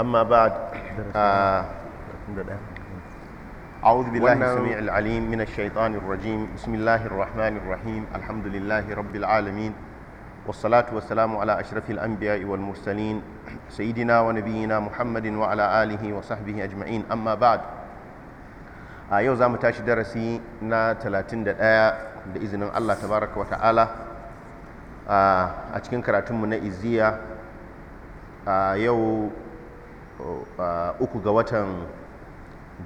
أما بعد أعوذ بالله السميع العليم من الشيطان الرجيم بسم الله الرحمن الرحيم الحمد لله رب العالمين والصلاة والسلام على أشرف الأنبياء والمرسلين سيدنا ونبينا محمد وعلى آله وصحبه أجمعين أما بعد yau za mu tashi darasi na 31 da izinin Allah tabaraka wa ta'ala a cikin karatunmu na iziya a yau uku ga watan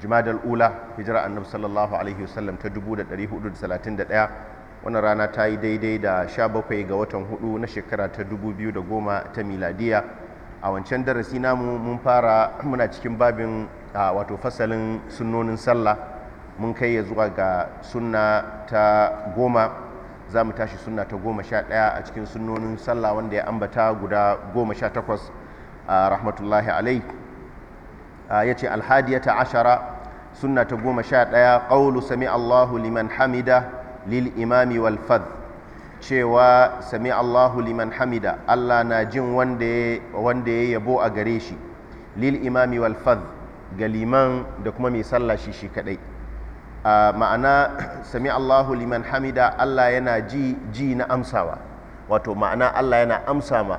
jimadal ula hijira annabi sallallahu alaihi wasallam ta 1431 wannan rana ta yi daidai da 17 ga watan hudu na shekara ta 2010 ta miladiya a wancan darasi namu mun fara muna cikin babin wato fasalin sunnonin sallah mun kai ya zuwa ga sunna ta goma za mu tashi sunna ta goma sha ɗaya a cikin sunnonin sallah wanda ya ambata guda goma sha takwas rahmatullahi alai ya ce alhadiyata ashara suna ta goma sha ɗaya ƙaulu sami allahu liman hamida lil imami wal fad cewa sami allahu liman hamida allah na jin wanda ya yabo a gare shi lil imami wal fad ga liman da kuma mai sallah shi shi kadai ma'ana sami allahu liman hamida allah yana ji ji na amsawa wato ma'ana allah yana amsa ma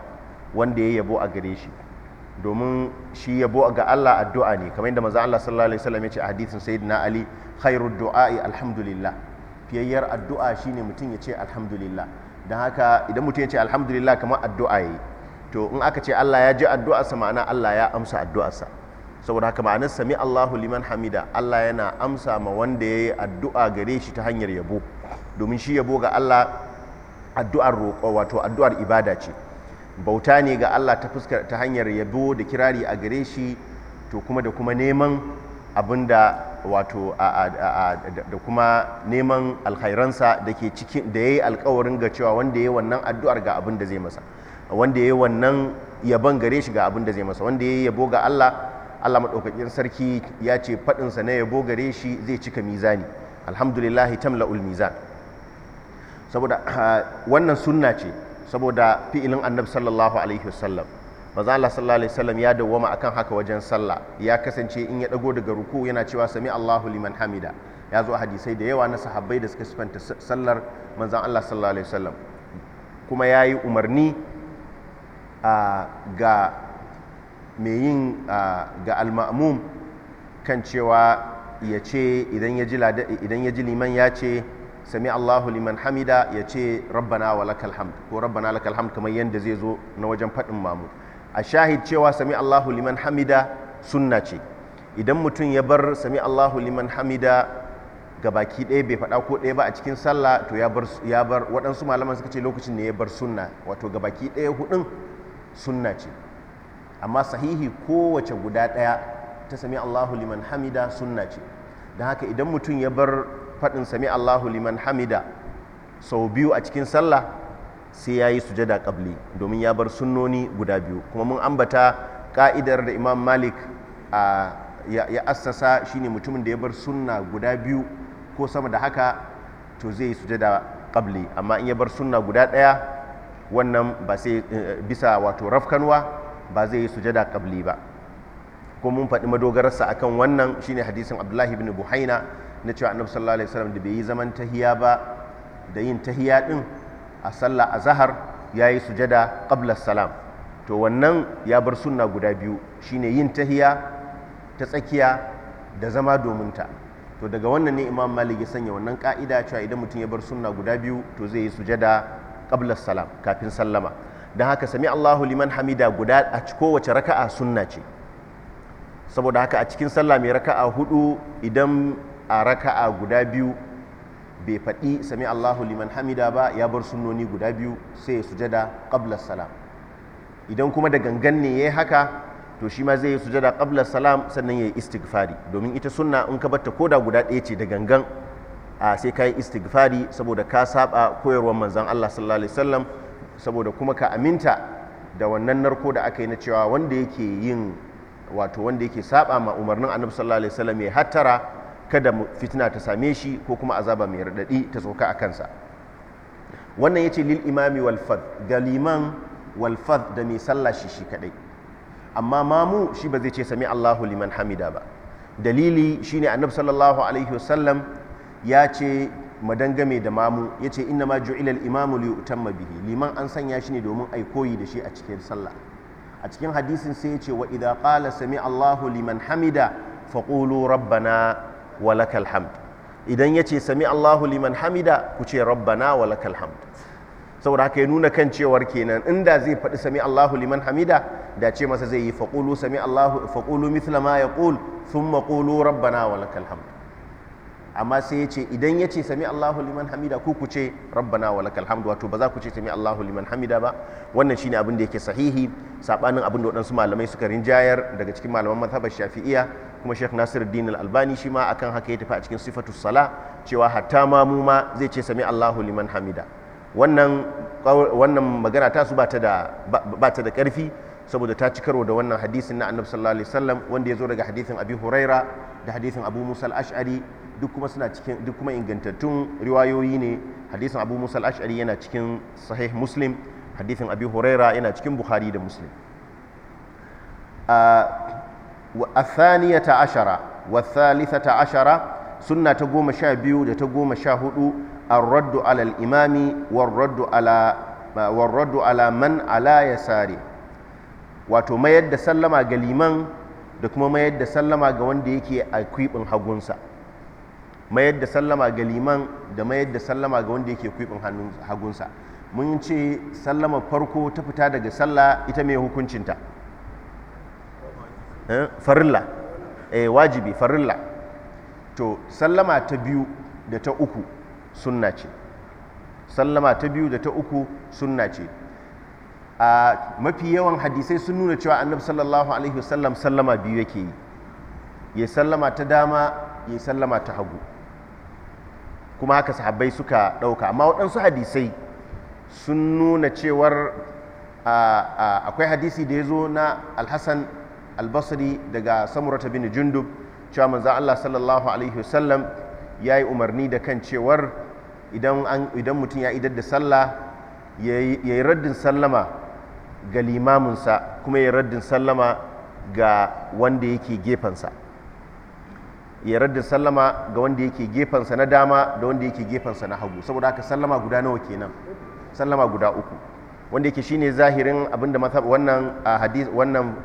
wanda ya yabo a gare shi domin shi yabo ga Allah addu'a ne kamar yadda manzo Allah sallallahu alaihi wasallam ya ce a hadisin sayyidina Ali khairud du'a'i alhamdulillah fiyayyar addu'a shine mutum ya ce alhamdulillah dan haka idan mutum ya ce alhamdulillah kamar addu'a yi to in aka ce Allah ya ji sa ma'ana Allah ya amsa addu'arsa saboda haka ma'anar sami Allahu liman hamida Allah yana amsa ma wanda ya yi addu'a gare shi ta hanyar yabo domin shi yabo ga Allah addu'ar roƙo wato addu'ar ibada ce bauta ne ga Allah ta fuskar ta hanyar yabo da kirari a gare shi to kuma da kuma neman abin da wato da kuma neman alkhairansa da ke cikin da yayi alkawarin ga cewa wanda yayi wannan addu'ar ga abin da zai masa wanda yayi wannan yaban gare shi ga abin da zai masa wanda yayi yabo ga Allah Allah madaukakin sarki ya ce faɗinsa na yabo gare shi zai cika mizani alhamdulillahi tamla'ul mizan saboda wannan sunna ce saboda fi'ilin annab sallallahu alaihi wasallam maza Allah sallallahu alaihi wasallam ya dawwama akan haka wajen sallah ya kasance in ya dago daga ruku yana cewa sami Allahu liman hamida ya zo hadisai da yawa na sahabbai da suka sifanta sallar manzan Allah sallallahu alaihi wasallam kuma ya yi umarni ga mai yin ga almamum kan cewa ya ce idan ya ji liman ya ce sami Allahu liman hamida ya ce rabbana wa lakalham ko rabbana lakal kamar yadda zai zo na wajen faɗin mamu a shahid cewa sami Allahu liman hamida sunna ce idan mutum ya bar sami Allahu liman hamida ga baki ɗaya bai faɗa ko ɗaya ba a cikin sallah to ya bar waɗansu malaman suka ce lokacin ne ya bar sunna wato ga baki ɗaya hudun sunna ce amma sahihi kowace guda ɗaya ta sami Allahu liman hamida sunna ce don haka idan mutum ya bar faɗin sami Allahu liman hamida sau biyu a cikin sallah sai ya yi sujada ƙabli domin ya bar sunnoni guda biyu kuma mun ambata ka'idar da imam malik a ya assasa shine mutumin da ya bar sunna guda biyu ko sama da haka to zai yi sujada ƙabli amma in ya bar sunna guda ɗaya wannan ba sai eh, bisa wato rafkanwa ba zai yi sujada ƙabli ba ko mun faɗi madogararsa akan wannan shine hadisin abdullahi ibn buhaina na cewa annabi sallallahu alaihi wasallam da bai yi zaman tahiya ba da yin tahiya din a sallah azhar yayi sujada qabla salam to wannan ya bar sunna guda biyu shine yin tahiya ta tsakiya da zama domin ta to daga wannan ne imam malik ya sanya wannan ka'ida cewa idan mutum ya bar sunna guda biyu to zai yi sujada qabla salam kafin sallama Dan haka sami Allahu liman hamida guda a kowace raka'a sunna ce saboda haka a cikin sallah mai raka'a hudu idan a raka'a guda biyu bai faɗi sami Allahu liman hamida ba ya bar sunnoni guda biyu sai ya sujada qabla salam idan kuma da gangan ne yayi haka to shi ma zai yi sujada qabla salam sannan ya yi istighfari domin ita sunna in ka batta koda guda ɗaya ce da gangan a sai ka yi istighfari saboda ka saba koyarwar manzon Allah sallallahu alaihi wasallam saboda kuma ka aminta da wannan narko da aka yi na cewa wanda yake yin wato wanda yake saba ma umarnin annabi sallallahu alaihi wasallam ya hattara kada fitina ta same shi ko kuma azaba mai raɗaɗi ta sauka a kansa wannan ya ce lil imami walfad ga liman walfad da mai sallah shi shi kaɗai amma mamu shi ba zai ce sami allahu liman hamida ba dalili shine annabi sallallahu alaihi wasallam ya ce madangame da mamu ya ce inna ma ju'ila imamu li utamma bihi liman an sanya shi ne domin ai koyi da shi a cikin sallah a cikin hadisin sai ya ce wa idza qala sami allahu liman hamida faqulu rabbana wa lakal hamd idan yace sami Allahu liman hamida ku ce rabbana wa lakal hamd saboda haka ya nuna kan cewar kenan inda zai faɗi sami Allahu liman hamida da ce masa zai yi faqulu sami Allahu faqulu mithla ma yaqul thumma qulu rabbana wa lakal hamd amma sai ya ce idan ya ce sami Allahu liman hamida ku ku ce rabbana wa lakal hamdu wato ba za ku ce sami Allahu liman hamida ba wannan shine abin da yake sahihi sabanin abin da wadansu malamai suka rinjayar daga cikin malaman mazhabar Shafi'iyya kuma Sheikh Nasiruddin Al-Albani shi ma akan haka ya tafi a cikin sifatu sala cewa hatta ma mu ma zai ce sami Allahu liman hamida wannan wannan magana ta su ba da bata da karfi saboda ta ci karo da wannan hadisin na Annabi sallallahu alaihi wasallam wanda ya zo daga hadisin Abi Huraira da hadisin Abu Musa al-Ash'ari duk kuma suna cikin duk kuma ingantattun riwayoyi ne hadisin abu musa ashari yana cikin sahih muslim hadisin abi huraira yana cikin bukhari da muslim goma sha biyu da ta goma sha hudu an raddu alal imami war raddu ala man ala ya sare wato mayar da sallama ga liman da kuma mayar da sallama ga wanda yake a kwiɓin hagunsa mayar da sallama ga liman da mayar da sallama ga wanda yake kwibin hagunsa mun ce sallama farko ta fita daga sallah ita mai hukuncinta eh, farilla eh wajibi farilla to sallama ta biyu da ta uku sunna ce sallama ta biyu da ta uku sunna ce a mafi yawan hadisai sun nuna cewa annabi sallallahu alaihi wasallam sallama biyu yake yi ya sallama ta dama ya sallama ta hagu kuma haka sahabbai suka ɗauka amma waɗansu hadisai sun nuna cewar akwai hadisi da ya zo na alhassan albasri daga samurata bin jundub cewa manzan allah sallallahu alaihi wasallam ya yi umarni da kan cewar idan mutum ya idar da sallah ya yi raddin sallama ga limaminsa kuma ya yi raddin sallama ga wanda yake gefensa ya raddin sallama ga wanda yake gefensa na dama da wanda yake gefensa na hagu saboda haka sallama guda nawa kenan sallama guda uku wanda yake shine zahirin abinda mata wannan hadis wannan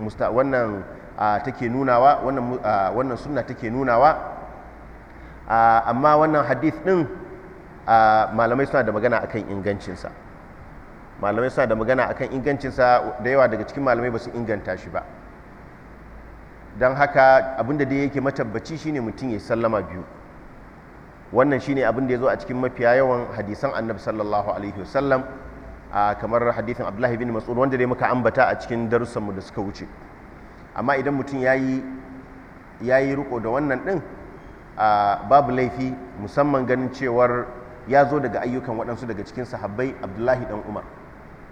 musta wannan take nunawa wannan wannan sunna take nunawa amma wannan hadis din malamai suna da magana akan ingancinsa malamai suna da magana akan ingancinsa da yawa daga cikin malamai ba su inganta shi ba don haka abinda da yake matabbaci shine mutum ya sallama biyu wannan shine abin da ya zo a cikin mafiya yawan hadisan annabi sallallahu alaihi wasallam kamar hadisin abdullahi bin mas'ud wanda dai muka ambata a cikin darussanmu da suka wuce amma idan mutum ya yi riko da wannan din babu laifi musamman ganin cewar ya zo daga ayyukan waɗansu daga cikin sahabbai abdullahi dan umar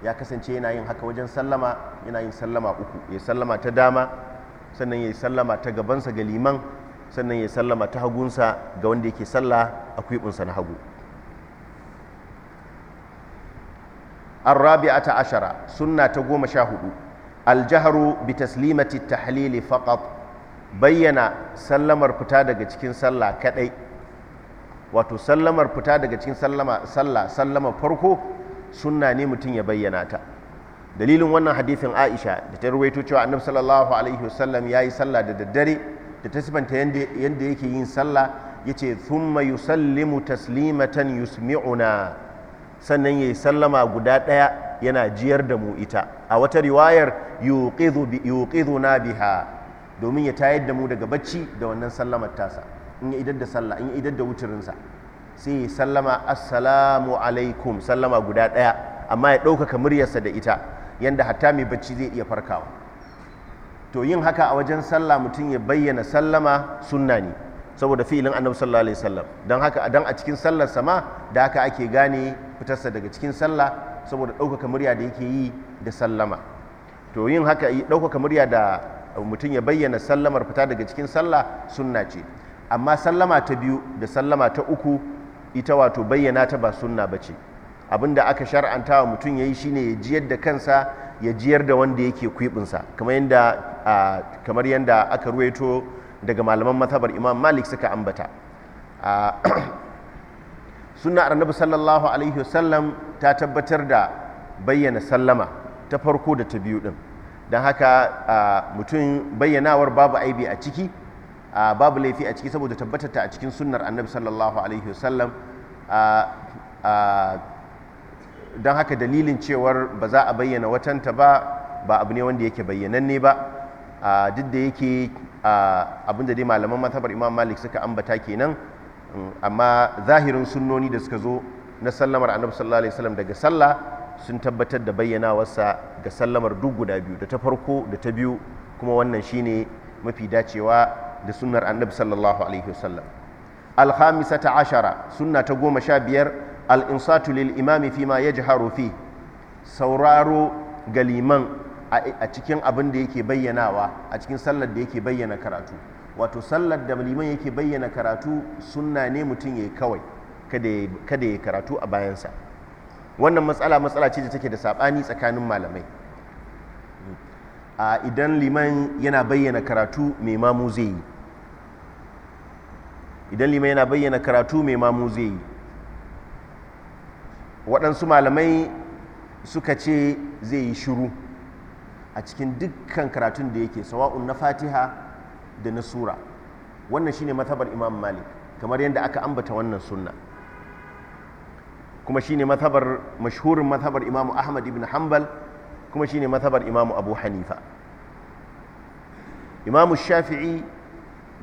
ya kasance yana yin haka wajen sallama yana yin sallama uku ya sallama ta dama sannan ya sallama ta gabansa ga liman sannan ya sallama ta hagunsa ga wanda yake salla a kwibinsa na hagu الرابعه عشره سنه تقوم شاهد الجهر بتسليمه التحليل فقط bayyana sallamar fita daga cikin sallah kadai wato sallamar fita daga cikin sallama sallah farko sunna ne mutum ya bayyana ta dalilin wannan hadisin aisha da ta ruwaito cewa annabi sallallahu alaihi wasallam ya yi sallah da daddare da ta sifanta yadda yake yin sallah ya ce thumma yusallimu taslimatan yusmi'una sannan ya yi sallama guda ɗaya yana jiyar da mu ita a wata riwayar yuqidhu na biha domin ya tayar da mu daga bacci da wannan sallamar tasa in ya idar da sallah in ya idar da wuturinsa sai ya sallama assalamu alaikum sallama guda ɗaya amma ya ɗaukaka muryarsa da ita yanda hatta mai bacci zai iya farkawa to yin haka a wajen sallah mutum ya bayyana sallama sunna ne saboda fi'ilin annabi sallallahu alaihi wasallam don haka dan a cikin sallar sama da haka ake gane fitarsa daga cikin sallah saboda ɗaukaka murya da yake yi da sallama to yin haka ɗaukaka murya da mutum ya bayyana sallamar fita daga cikin sallah sunna ce amma sallama ta biyu da sallama ta uku ita wato bayyana ta ba sunna ba ce Abin da aka shar'anta wa mutum ya yi shi ne ya jiyar da kansa ya jiyar da wanda yake kwibinsa kamar yadda yadda aka ruwaito daga malaman mazhabar imam malik suka ambata suna annabi sallallahu alaihi wasallam ta tabbatar da bayyana sallama ta farko da ta biyu din don haka mutum bayyanawar babu aibi a ciki babu laifi a ciki saboda tabbatar ta a cikin sunnar annabi sallallahu alaihi wasallam don haka dalilin cewar ba za a bayyana watanta ba ba abu ne wanda yake bayyananne ba duk da yake abin da dai malaman matabar imam malik suka ambata kenan mm, amma zahirin sunnoni da suka zo na sallamar annabi sallallahu alaihi wasallam daga sallah sun tabbatar da bayyanawarsa ga sallamar duk guda biyu da ta farko da ta biyu kuma wannan shine mafi dacewa da sunnar annabi sallallahu alaihi wasallam al-khamisata ashara sunna ta goma sha biyar al'insatu lil imami fi ma ya fi sauraro ga liman a cikin abin da yake bayyanawa a cikin sallar da yake bayyana karatu wato sallar da liman yake bayyana karatu sunna ne mutum ya yi kawai kada ya karatu a bayansa wannan matsala matsala ce da take da saɓani tsakanin malamai a idan liman yana bayyana karatu mai mamu zai yi idan liman yana bayyana karatu mai mamu zai yi waɗansu malamai suka ce zai yi shiru a cikin dukkan karatun da yake sawa'un na fatiha da na sura wannan shine matabar imam malik kamar yadda aka ambata wannan sunna kuma shine matabar mashhurin matabar imam ahmad ibn hanbal kuma shine matabar imam abu hanifa imam shafi'i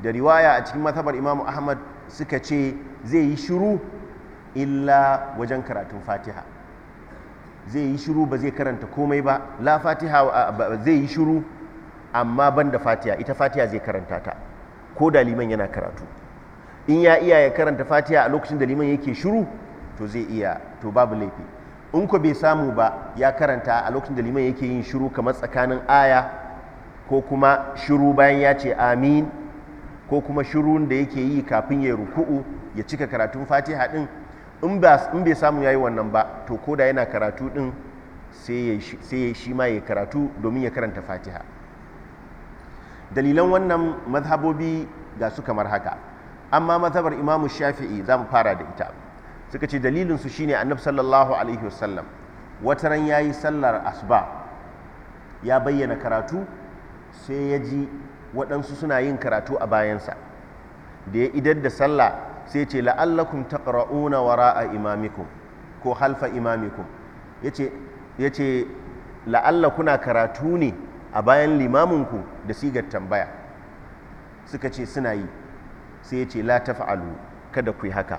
da riwaya a cikin matabar imam ahmad suka ce zai yi shiru illa wajen karatun fatiha zai yi shiru ba zai karanta komai ba la fatiha zai yi shiru amma ban da fatiha ita fatiha zai karanta ta ko da liman yana karatu in ya iya ya karanta fatiha a lokacin da liman yake shiru to zai iya to babu laifi in ko bai samu ba ya karanta a lokacin da liman yake yin shiru kamar tsakanin aya ko kuma shiru bayan ya ce amin ko kuma shirun da yake yi kafin ya ruku'u ya cika karatun fatiha din in bai samu ya yi wannan ba to ko da yana karatu din sai ya shi ma ya karatu domin ya karanta fatiha dalilan wannan mazhabobi ga su kamar haka amma mazhabar imamu shafi'i za mu fara da ita suka ce dalilinsu shine annab sallallahu alaihi wasallam wata ran ya yi sallar asuba ya bayyana karatu sai ya ji waɗansu suna yin karatu a bayansa da ya idar da sallah sai ce la'allakum taqra'una wara'a imamikum ko halfa imamikum yace yace la'alla kuna karatu ne a bayan limaminku da sigar tambaya suka ce suna yi sai ya ce la taf'alu kada ku yi haka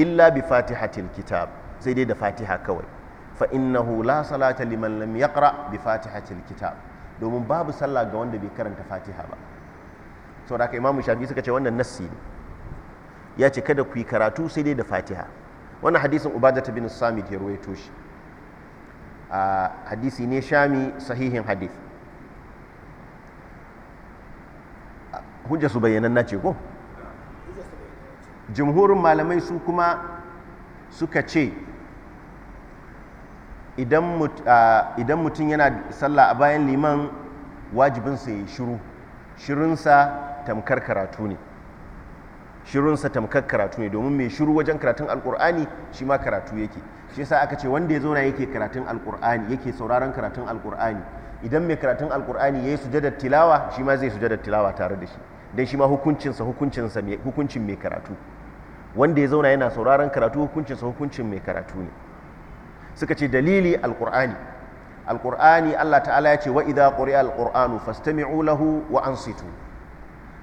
illa bi fatihatil kitab sai dai da fatiha kawai fa innahu la salata liman lam yaqra bi fatihatil kitab domin babu sallah ga wanda bai karanta fatiha ba saboda haka imamu shafi suka ce wannan nassi ne ya ce kada ku yi karatu sai dai da fatiha wannan hadisin ubadata bin samit ya ruwaito shi a hadisi ne shami sahihin hadis hujja su na ce ko jimhurin malamai su kuma suka ce idan mutum yana sallah a bayan liman wajibinsa ya yi shiru shirinsa tamkar karatu ne shirunsa tamkar karatu ne domin mai shiru wajen karatun alkur'ani shi ma karatu yake shi yasa aka ce wanda ya zauna yake karatun alkur'ani yake sauraron karatun alkur'ani idan mai karatun alkur'ani ya yi sujadar tilawa shi ma zai sujadar tilawa tare da shi dan shi ma hukuncinsa hukuncin mai karatu wanda ya zauna yana sauraron karatu hukuncinsa hukuncin mai karatu ne suka ce dalili alkur'ani alkur'ani Allah ta'ala ya ce wa ƙuri'a quri'a alqur'anu fastami'u lahu wa ansitu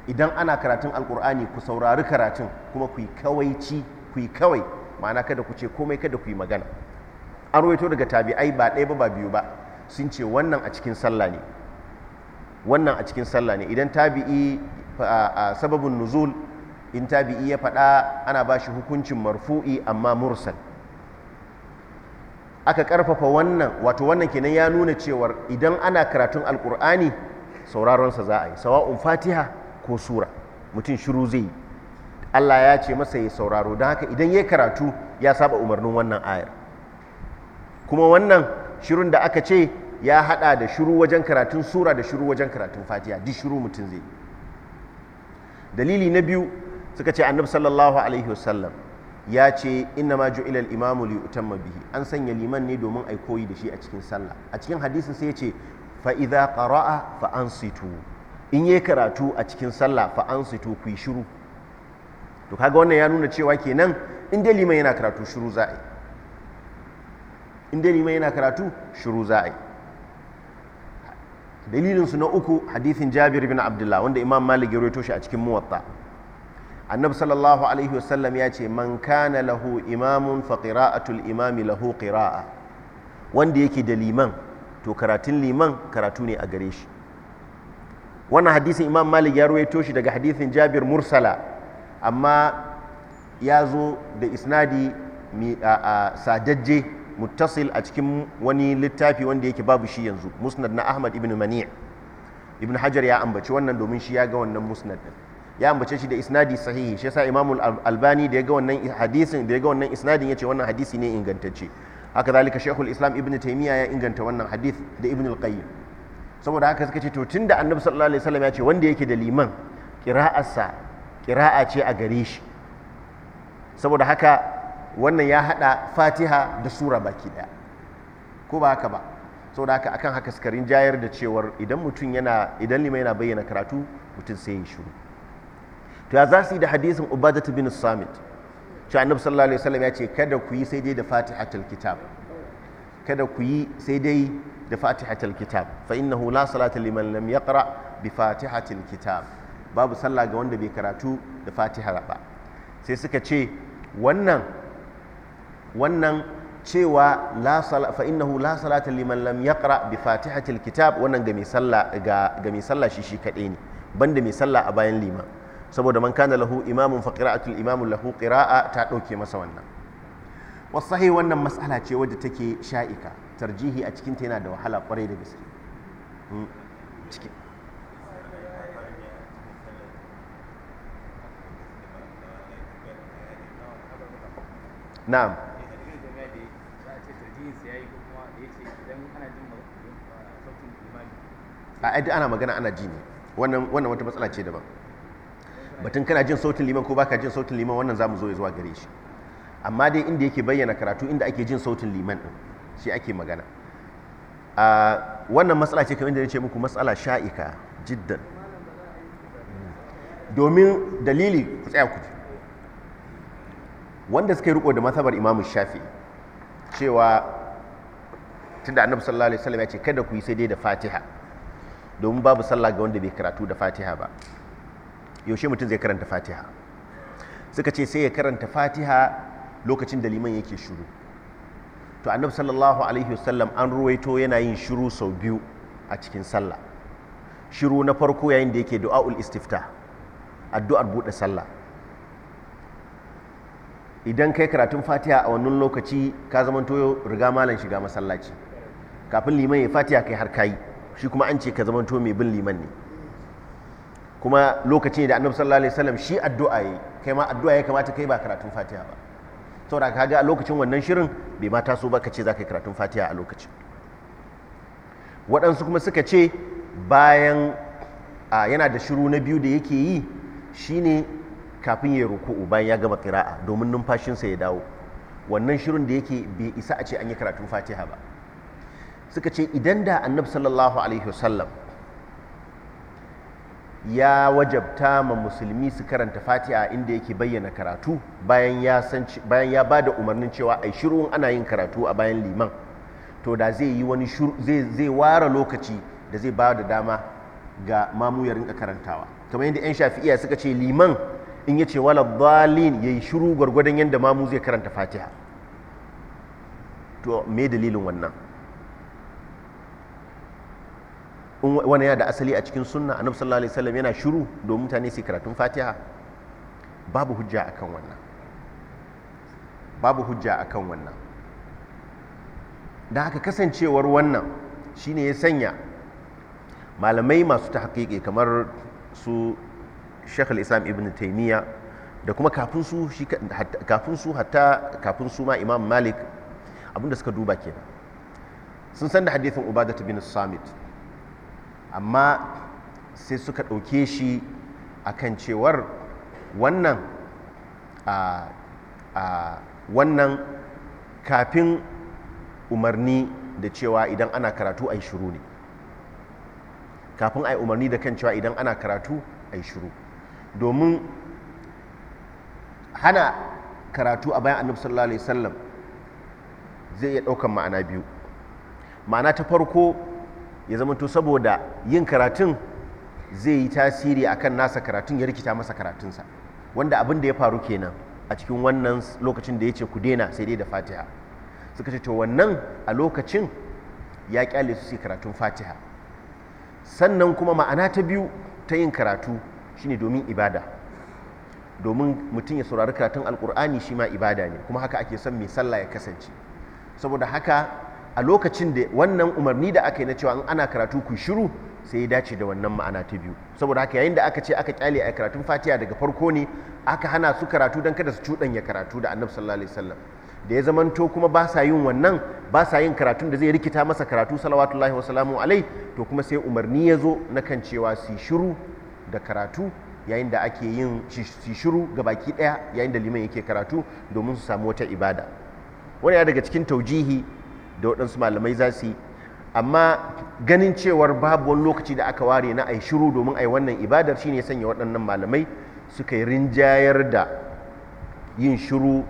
idan ana karatun alkur'ani ku saurari karatun kuma ku yi kawaici ku yi kawai ma'ana kada ku ce komai kada ku yi magana an rawaito daga tabi'ai ba ɗaya ba ba biyu ba sun ce wannan a cikin sallah ne wannan a cikin sallah ne idan tabi'i a sababin nuzul in tabi'i ya faɗa ana ba shi hukuncin marfu'i amma mursal aka karfafa wannan wato wannan kenan ya nuna cewar idan ana karatun alkur'ani sauraronsa za a yi sawa'un fatiha ko sura mutum shiru zai yi Allah ya ce masa ya sauraro don haka idan ya karatu ya saba umarnin wannan ayar kuma wannan shirun da aka ce ya hada da shiru wajen karatun sura da shiru wajen karatun fatiha duk shiru mutum zai dalili na biyu suka ce annabi sallallahu alaihi wasallam ya ce inna ma ju'ila al-imamu li utamma bihi an sanya liman ne domin ai koyi da shi a cikin sallah a cikin hadisin sai ya ce fa idza qara'a fa ansitu in yi karatu a cikin sallah fa an sito ku yi shiru to kaga wannan ya nuna cewa kenan in dai liman yana karatu shiru za a yi in dai liman yana karatu shiru za a yi dalilinsu na uku hadithin jabir bin abdullah wanda imam malik ya rawaito shi a cikin muwatta annabi sallallahu alaihi wasallam ya ce man kana lahu imamun fa qira'atul imami lahu qira'a wanda yake da liman to karatun liman karatu ne a gare shi wannan hadisin imam malik ya ruwaito shi daga hadisin jabir mursala amma ya zo da isnadi sajajje muttasil a cikin wani littafi wanda yake babu shi yanzu musnad na ahmad ibn mani' ibn hajar ya ambaci wannan domin shi ya ga wannan musnad din ya ambace shi da isnadi sahihi shi yasa imam albani da ya ga wannan hadisin da ya ga wannan isnadin ce wannan hadisi ne ingantacce haka zalika shaykhul islam ibn taymiya ya inganta wannan hadith da ibn al-qayyim saboda haka suka ce to da annabi sallallahu alaihi wasallam ya ce wanda yake da liman kira'arsa kira'a ce a gare shi saboda haka wannan ya haɗa fatiha da sura baki daya ko ba haka ba saboda haka akan haka suka jayar da cewar idan mutum yana idan liman yana bayyana karatu mutum sai ya shiru to ya za su yi da hadisin ubadatu bin samit cewa annabi sallallahu alaihi wasallam ya ce kada ku yi sai dai da fatihatul kitab kada ku yi sai dai da fatihatul kitab fa innahu la salata liman lam yaqra bi fatihatul kitab babu sallah ga wanda bai karatu da fatiha ba sai suka ce wannan wannan cewa la sala fa innahu la salata liman lam yaqra bi fatihatil kitab wannan ga mai sallah ga ga mai sallah shi shi kadai ne banda mai sallah a bayan liman saboda man kana lahu imamun fa qira'atul imamu lahu qira'a ta dauke masa wannan wasahi wannan mas'ala ce wadda take sha'ika tarjihi a cikinta yana da wahala kwarai da gaske hmm. na'am a yadda ana magana ana ji ne wannan wata matsala ce daban batun kana jin sautin liman ko baka jin sautin liman wannan za mu zo ya zuwa gare shi amma dai inda yake bayyana karatu inda ake jin sautin liman din shi ake magana a wannan matsala ce kamar da ce muku matsala sha'ika jiddan domin dalili ku tsaya ku wanda suka yi riko da masabar imamu shafi cewa da annabu sallallahu alaihi wasallam ya ce kada ku yi sai dai da fatiha domin babu sallah ga wanda bai karatu da fatiha ba yaushe mutum zai karanta fatiha suka ce sai ya karanta fatiha lokacin da liman yake shuru to annabi sallallahu alaihi wasallam an ruwaito yana yin shiru sau biyu a cikin sallah shiru na farko yayin da yake du'a'ul istifta addu'ar buɗe sallah idan kai karatun fatiha a wannan lokaci ka zaman toyo riga malam shiga masallaci kafin liman ya fatiha kai har kayi shi kuma an ce ka zaman to mai bin liman ne kuma lokacin da annabi sallallahu alaihi wasallam shi addu'a yayi kai ma addu'a ya kamata kai ba karatun fatiha ba saboda kaga a lokacin wannan shirin bai ma taso ba ka ce za ka yi karatun fatiha a lokacin waɗansu kuma suka ce bayan yana da shiru na biyu da yake yi shine kafin ya ruku'u bayan ya gama kira'a domin numfashinsa ya dawo wannan shirin da yake bai isa a ce an yi karatun fatiha ba suka ce idan da annabi sallallahu alaihi wasallam ya wajabta ma musulmi su karanta fatiha inda yake bayyana karatu bayan ya san bayan bada umarnin cewa ai shiru ana yin karatu a bayan liman to da zai yi wani zai zai ware lokaci da zai ba da dama ga mamu ya rinka karantawa kamar yadda yan shafi'iya suka ce liman in yace wala dhalin yayi shiru gwargwadon yadda mamu zai karanta fatiha to me dalilin wannan wani yana da asali a cikin sunna annabi sallallahu alaihi wasallam yana shiru domin mutane su karatun fatiha babu hujja akan wannan babu hujja akan wannan da haka kasancewar wannan shine ya sanya malamai masu tahqiqi kamar su Sheikh islam Ibn Taymiyyah da kuma kafin su hatta kafin su ma Imam Malik abinda suka duba kenan sun san da hadithin Ubadah bin Samit amma sai suka ɗauke shi a kan cewar wannan a wannan kafin umarni da cewa idan ana karatu a shiru ne kafin a yi umarni da kan cewa idan ana karatu a shiru domin hana karatu a bayan annabi sallallahu alaihi wasallam zai iya ɗaukan ma'ana biyu ma'ana ta farko ya zama to saboda yin karatun zai yi tasiri a kan nasa karatun ya rikita masa karatunsa wanda abin da ya faru kenan a cikin wannan lokacin da ya ce ku daina sai dai da fatiha suka ce to wannan a lokacin ya kyale su sai karatun fatiha sannan kuma ma'ana ta biyu ta yin karatu shine domin ibada domin mutum ya saurari karatun alkur'ani shi ma ibada ne kuma haka ake son mai sallah ya kasance saboda haka a lokacin da wannan umarni da aka yi na cewa in ana karatu ku shiru sai ya dace da wannan ma'ana ta biyu saboda haka yayin da aka ce aka kyale a karatun fatiha daga farko ne aka hana su karatu don kada su cuɗanya karatu da annabi sallallahu alaihi wasallam da ya zamanto kuma ba sa yin wannan ba sa yin karatun da zai rikita masa karatu salawatullahi wasalamu alai to kuma sai umarni ya zo na kan cewa su shiru da karatu yayin da ake yin su shiru ga baki ɗaya yayin da liman yake karatu domin su samu wata ibada wani ya daga cikin taujihi da waɗansu malamai za su yi amma ganin cewar babu wani lokaci da aka ware na ayi shiru domin yi wannan ibadar shine sanya waɗannan malamai suka yi rinjayar da yin shiru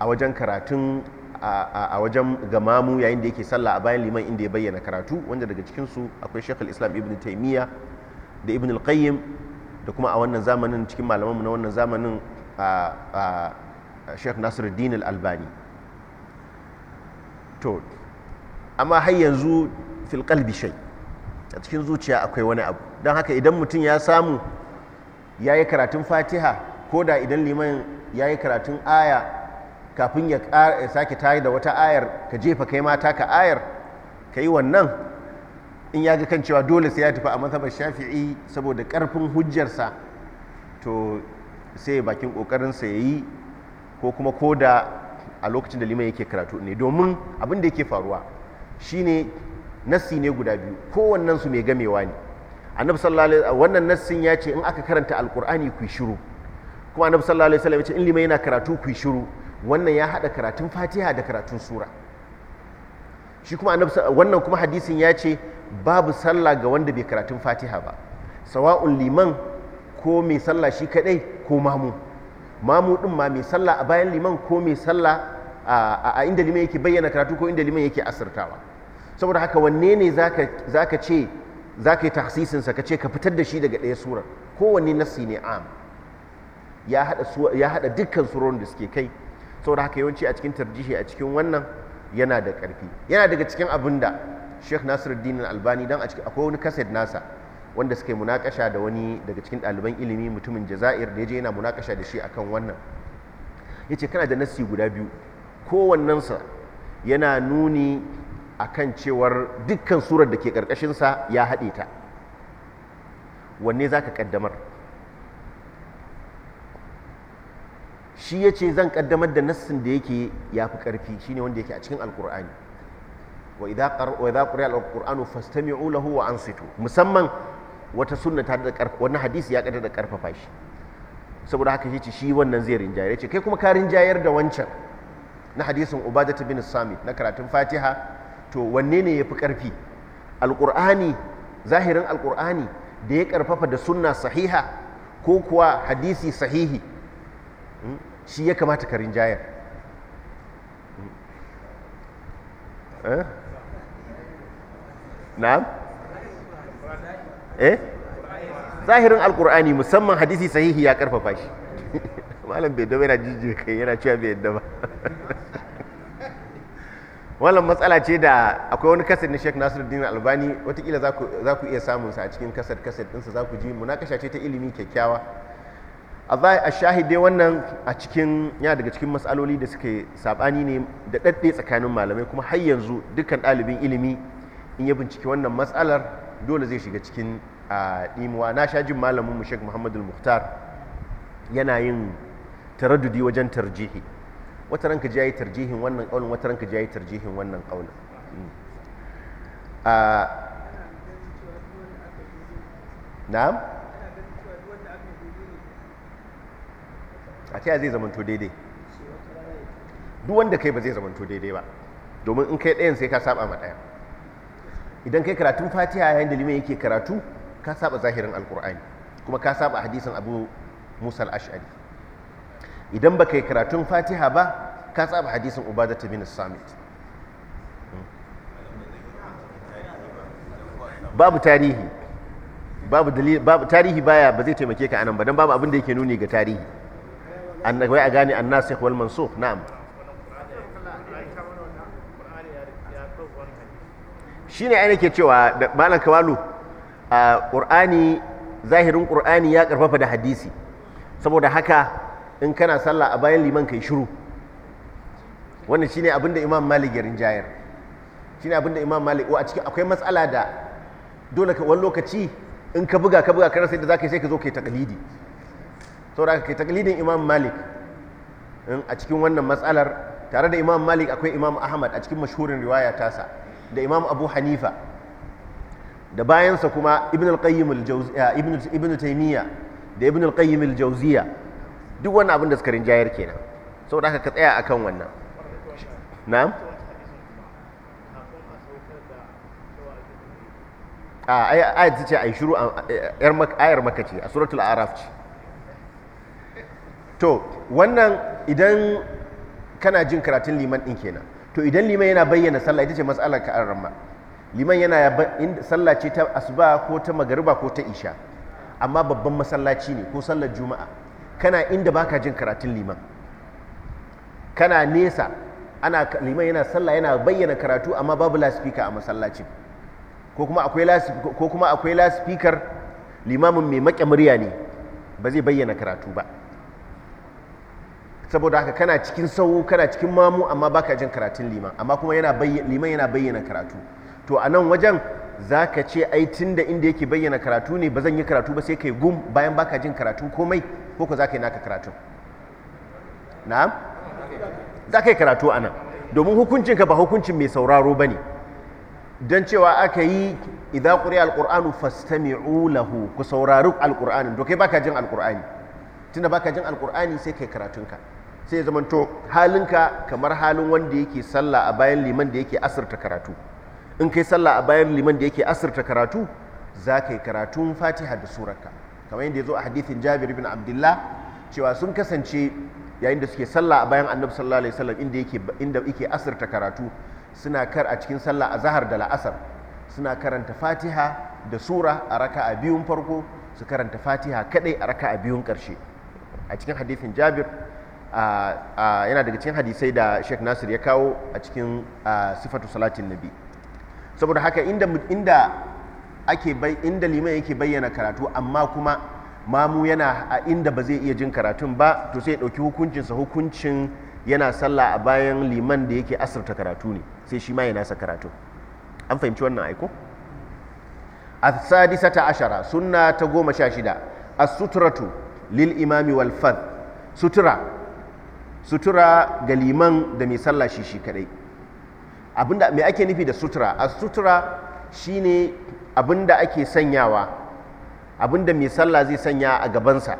a wajen karatun a wajen gamamu yayin da yake sallah a bayan liman inda ya bayyana karatu wanda daga cikinsu akwai shekul islam ibn taimiyya da ibn al da kuma a wannan zamanin cikin malamanmu na wannan zamanin a sheikh nasiruddin al-albani amma har yanzu filƙal shai a cikin zuciya akwai wani abu don haka idan mutum ya samu ya yi karatun fatiha ko da idan liman ya yi karatun aya kafin ya sake tare da wata ayar ka jefa kai mata ka ayar ka yi wannan in ya ga kan cewa dole sai ya tafi a mazhabar shafi'i saboda karfin hujjarsa to sai bakin kokarinsa ya yi ko kuma ko da a lokacin da liman yake karatu ne domin abin da yake faruwa shine nassi ne guda biyu kowannen su mai gamewa ne annabi sallallahu alaihi wannan nassin ya ce in aka karanta alqur'ani ku shiru kuma annabi sallallahu alaihi wasallam ya ce in limai yana karatu ku shiru wannan ya hada karatun fatiha da karatun sura shi kuma annabi wannan kuma hadisin ya ce babu sallah ga wanda bai karatun fatiha ba sawa'un liman ko mai sallah shi kadai ko mamu mamu din ma mai sallah a bayan liman ko mai sallah a inda liman yake bayyana karatu ko inda liman yake asirtawa saboda haka wanne ne za ka ce za ka yi tahsisinsa ka ce ka fitar da shi daga ɗaya surar kowanne nassi ne am ya haɗa dukkan surorin da suke kai saboda haka yawanci a cikin tarjihi a cikin wannan yana da ƙarfi yana daga cikin abin da sheikh nasiruddin albani don akwai wani kaset nasa wanda suka yi munakasha da wani daga cikin ɗaliban ilimi mutumin jaza'ir da ya je yana munakasha da shi akan wannan ya ce kana da nasi guda biyu kowannensa yana nuni A kan cewar dukkan surar da ke ƙarƙashinsa ya haɗe ta wanne za ka ƙaddamar shi ya ce zan ƙaddamar da nassin da yake ya fi ƙarfi shi ne wanda yake a cikin alƙur'ani wa idha quriya alqur'anu fastami'u lahu wa ansitu musamman wata sunna ta da wannan hadisi ya kada da karfafa shi saboda haka yace shi wannan zai rinjaye yace kai kuma ka rinjayar da wancan na hadisin ubadat bin samit na karatun fatiha to wanne ne ya fi ƙarfi alƙur'ani zahirin alƙur'ani da ya ƙarfafa da sunna sahiha ko kuwa hadisi sahihi hmm? shi ya kamata ka rinjayar hmm? eh? na'am eh zahirin alƙur'ani musamman hadisi sahihi ya ƙarfafa shi malam bai dama yana jijiyar kai yana cewa bai yadda ba wannan matsala ce da akwai wani kasar na Sheikh Nasiruddin Albani watakila za ku iya samun sa a cikin kasar kasar ɗinsa za ku ji munakasha ce ta ilimi kyakkyawa a shahide wannan a cikin ya daga cikin matsaloli da suke sabani ne da ɗaɗɗe tsakanin malamai kuma har yanzu dukkan ɗalibin ilimi in ya binciki wannan matsalar dole zai shiga cikin ɗimuwa na sha jin malamin mu Sheikh Muhammadu Muhtar yana yin taraddudi wajen tarjihi wata ranka ji tarjihin wannan kaulin wata ranka ji tarjihin wannan kaulin hmm. a na'am a ta zai zamanto daidai duk wanda kai ba zai zamanto daidai ba domin in kai ɗayan sai ka saba ma ɗaya idan kai karatun fatiha yayin da liman yake karatu ka saba zahirin alkur'ani kuma ka saba hadisin abu musa al-ash'ari idan ba yi karatun fatiha ba ka tsaba hadisin ta bin samit babu tarihi babu dalil babu tarihi baya ba zai taimake ka anan ba dan babu abin da yake nuni ga tarihi annabi a gane annasikh wal mansukh na'am shine ai nake cewa da malam kawalu a qur'ani zahirin qur'ani ya karfafa da hadisi saboda haka in kana sallah a bayan liman kai shiru wannan shine abin da imam malik ya rinjayar shine abin da imam malik a cikin akwai matsala da dole ka wani lokaci in ka buga ka buga ka rasa yadda za ka sai ka zo kai taklidi saboda kai taklidin imam malik a cikin wannan matsalar tare da imam malik akwai imam ahmad a cikin mashhurin riwaya tasa da imam abu hanifa da bayansa kuma ibn al-qayyim al-jawziya ibn ibn taymiya da ibn al-qayyim al-jawziya duk wani abin da suka rinjayar kenan da haka ka tsaya akan wannan na? a ayat ce yi shiru a ayyar makaci a suratul araf ce to wannan idan kana jin karatun liman din kenan to idan liman yana bayyana sallah ita ce matsalar ka liman yana sallah ce ta asuba ko ta magariba ko ta isha amma babban masallaci ne ko sallar juma'a kana inda baka jin karatun liman kana nesa ana liman yana sallah yana bayyana karatu amma babu laspika a masallaci ko kuma akwai ko kuma akwai laspikar limamin mai maƙe murya ne ba zai bayyana karatu ba saboda haka kana cikin sau kana cikin mamu amma baka jin karatun liman amma kuma yana liman yana bayyana karatu to a nan wajen za ka ce ai tun da inda yake bayyana karatu ne ba zan yi karatu ba sai kai gum bayan baka jin karatu komai ko ku za ka yi naka karatu na'am za ka yi karatu a nan domin hukuncinka ba hukuncin mai sauraro ba ne don cewa aka yi idan ƙuri alƙur'anu mai ulahu ku saurari alƙur'anin to kai baka jin alƙur'ani tunda baka jin alƙur'ani sai kai karatunka sai zama to halinka kamar halin wanda yake sallah a bayan liman da yake asirta karatu in kai sallah a bayan liman da yake asirta karatu za ka yi karatun fatiha da surarka kamar yadda ya zo a hadithin jabir bin abdullah cewa sun kasance yayin da suke sallah a bayan annabi sallallahu alaihi wasallam inda yake inda yake asirta karatu suna kar a cikin sallah a zahar da la'asar suna karanta fatiha da sura a raka a biyun farko su karanta fatiha kadai a raka a biyun karshe a cikin hadithin jabir yana daga cikin hadisai da sheikh nasir ya kawo a cikin sifatu salatin nabi saboda haka inda ake bai inda liman yake bayyana karatu amma kuma mamu yana a inda ba zai iya jin karatun ba to sai dauki ɗauki hukuncinsa hukuncin yana sallah a bayan liman da yake asirta karatu ne sai shi ma ya nasa karatu an fahimci wannan aiko asadisata ashara sunna ta goma sha shida a suturatu lil imami wal fad sutura sutura ga liman da mai sallah shi shi kadai abinda me ake nufi da sutura a sutura shine abinda ake sanyawa abinda mai sallah zai sanya a gabansa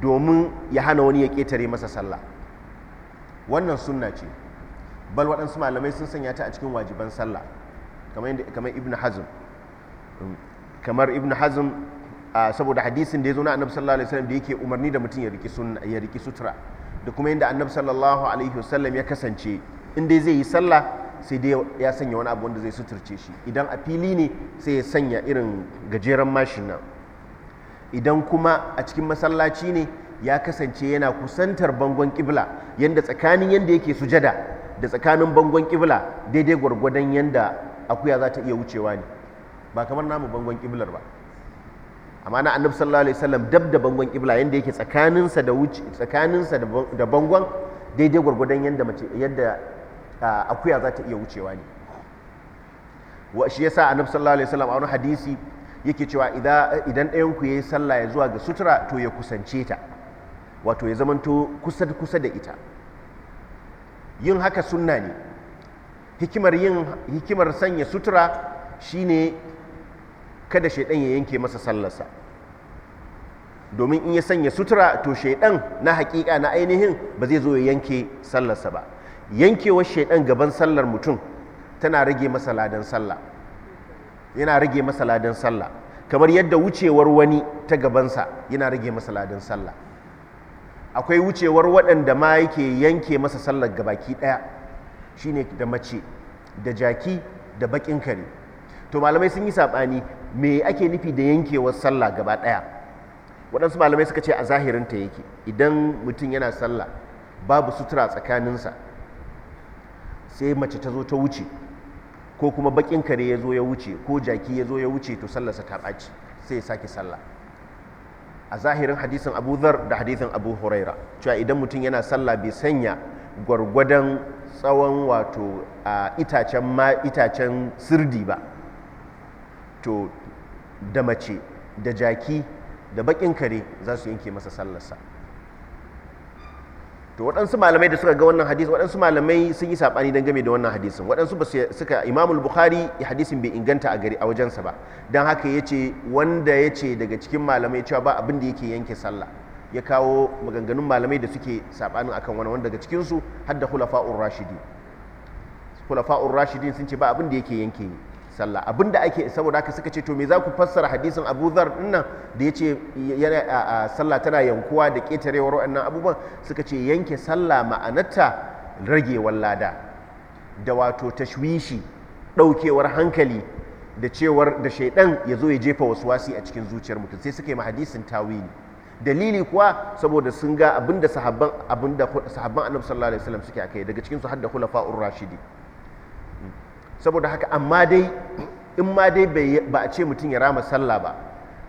domin ya hana wani ya ƙetare masa sallah wannan sunna ce bal waɗansu malamai sun sanya ta a cikin wajiban sallah kamar ibn hazm kamar ibn hazm mm, saboda hadisin da ya zo na annabi sallallahu alaihi wasallam da yake umarni da mutum ya riki sunna ya riki sutura da kuma yadda annabi sallallahu alaihi wasallam ya kasance in dai zai yi sallah sai dai ya sanya wani abu wanda zai suturce shi idan a fili ne sai ya sanya irin gajeren mashin nan idan kuma a cikin masallaci ne ya kasance yana kusantar bangon kibla yadda tsakanin yadda yake sujada da tsakanin bangon kibla daidai gwargwadon yadda akuya za ta iya wucewa ne ba kamar namu bangon kiblar ba amma na annabi sallallahu alaihi wasallam dab da bangon kibla yadda yake tsakaninsa da wuce tsakaninsa da bangon daidai gwargwadon mace yadda akuya za ta iya wucewa ne wa shi yasa annabi sallallahu alaihi wasallam a wani hadisi yake cewa idan ɗayan ku yayi sallah ya zuwa ga sutura to ya kusance ta wato ya zamanto kusa kusa da ita yin haka sunna ne hikimar hikimar sanya sutura shine kada shaidan ya yanke masa sallarsa domin in ya sanya sutura to shaidan na hakika na ainihin ba zai zo ya yanke sallarsa ba yankewar shaidan gaban sallar mutum tana rage masa ladan sallah yana rage masa ladan sallah kamar yadda wucewar wani ta gabansa yana rage masa ladan sallah akwai wucewar waɗanda ma yake yanke masa sallar gabaki ɗaya shine da mace da jaki da baƙin kare to malamai sun yi saɓani me ake nufi da yankewar sallah gaba ɗaya waɗansu malamai suka ce a zahirinta yake idan mutum yana sallah babu sutura tsakaninsa sai mace ta zo ta wuce ko kuma bakin kare ya zo ya wuce ko jaki ya zo ya wuce to sallarsa ta ɓaci sai ya sake sallah a zahirin hadisin abu zar da hadisin abu huraira cewa idan mutum yana sallah bai sanya gwargwadon tsawon wato a itacen ma itacen sirdi ba to da mace da jaki da bakin kare za su yanke masa sallarsa to waɗansu malamai da suka ga wannan hadisi waɗansu malamai sun yi saɓani don game da wannan hadisin waɗansu ba suka imamul bukhari hadisin bai inganta a gari a wajensa ba don haka ya ce wanda ya ce daga cikin malamai cewa ba abinda da yake yanke sallah ya kawo maganganun malamai da suke saɓanin akan wani wanda daga cikinsu har da khulafa'ur rashidi khulafa'ur rashidin sun ce ba abin da yake yanke sallah abinda ake saboda haka suka ce to me za ku fassara hadisin Abu Dharr nan da yace yana sallah tana yankuwa da ketarewar waɗannan abubuwan suka ce yanke sallah ma'anarta ragewar lada da wato tashwishi ɗaukewar hankali da cewar da shaidan ya zo ya jefa wasu wasi a cikin zuciyar mutum sai suka yi hadisin tawili dalili kuwa saboda sun ga abinda sahabban abinda sahabban Annabi sallallahu alaihi wasallam suke akai daga cikin su har da khulafa'ur rashidi saboda haka amma dai in ma dai ba a ce mutum ya rama sallah ba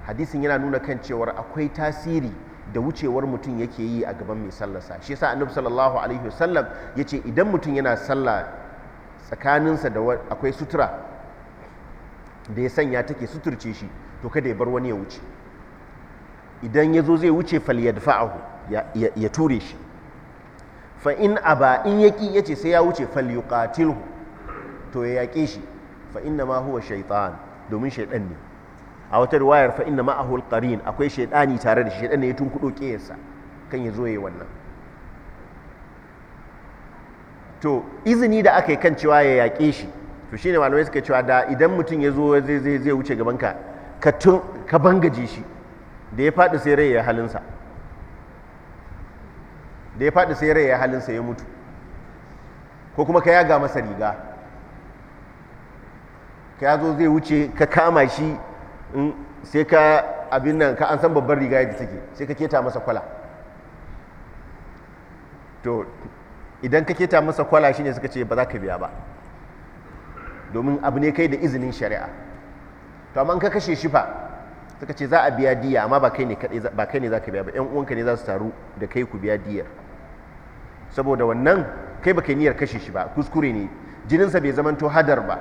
hadisin yana nuna kan cewar akwai tasiri da wucewar mutum yake yi a gaban mai sallarsa shi yasa annabi sallallahu alaihi wasallam yace idan mutum yana sallah tsakaninsa da akwai sutura da ya sanya take suturce shi to kada ya bar wani ya wuce idan ya zo zai wuce fal ya ture shi fa in aba in yaki yace sai ya wuce falyuqatilhu to ya yaƙe shi fa inna ma huwa shaitan domin shaitan ne a wata riwayar fa inna ma'ahu alqarin akwai shaitani tare da shaitan ne ya tunkudo kiyarsa kan ya zo yayi wannan to izini da aka yi kan cewa ya yaƙe shi to shine malamai suka cewa da idan mutum ya zo zai zai wuce gaban ka ka tun ka bangaje shi da ya faɗi sai rai ya halinsa da ya faɗi sai rai ya halinsa ya mutu ko kuma ka yaga masa riga ka ya zo zai wuce ka kama shi sai ka abin nan ka an san babbar riga yadda take sai ka keta masa kwala to idan ka keta masa kwala shine suka ce ba za ka biya ba domin abu ne kai da izinin shari'a to amma ka kashe shi fa suka ce za a biya diya amma ba kai ne za ka biya ba yan uwanka ne za su taru da kai ku biya diyar saboda wannan kai ba kai niyyar kashe shi ba kuskure ne jininsa bai zamanto hadar ba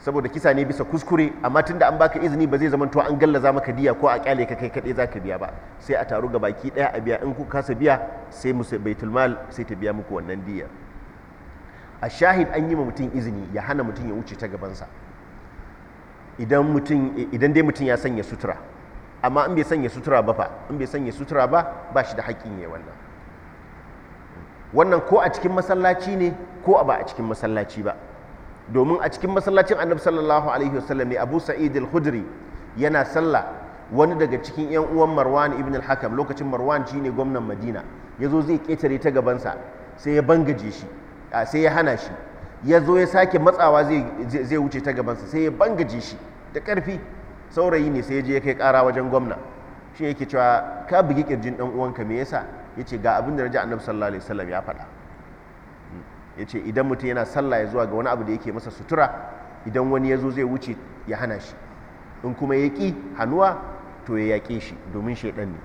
saboda kisa ne bisa kuskure amma tunda an baka izini ba zai zama to an gallaza maka diya ko a kyale ka kai kadai zaka biya ba sai a taru baki daya a biya in ku kasa biya sai musu baitul mal sai ta biya muku wannan diya a shahid an yi ma mutum izini ya hana mutum ya wuce ta gabansa idan mutum idan dai mutum ya sanya sutura amma in bai sanya sutura ba fa in bai sanya sutura ba ba shi da haƙƙin yayi wannan wannan ko a cikin masallaci ne ko a ba a cikin masallaci ba domin a cikin masallacin annabi sallallahu alaihi wasallam ne abu sa'id al-khudri yana sallah wani daga cikin yan uwan marwan ibn al-hakam lokacin marwan ne gwamnan madina ya zo zai ketare ta gabansa sai ya bangaje shi sai ya hana shi ya zo ya sake matsawa zai wuce ta gabansa sai ya bangaje shi da ƙarfi saurayi ne sai ya je ya kai ƙara wajen gwamna shi yake cewa ka bugi kirjin ɗan uwanka me yasa yace ga abin da raja annabi sallallahu alaihi wasallam ya faɗa ya ce idan mutum yana sallah ya zuwa ga wani abu da yake masa sutura idan wani ya zo zai wuce ya hana shi in kuma ya ƙi hannuwa to ya yaƙe shi domin shaidan ne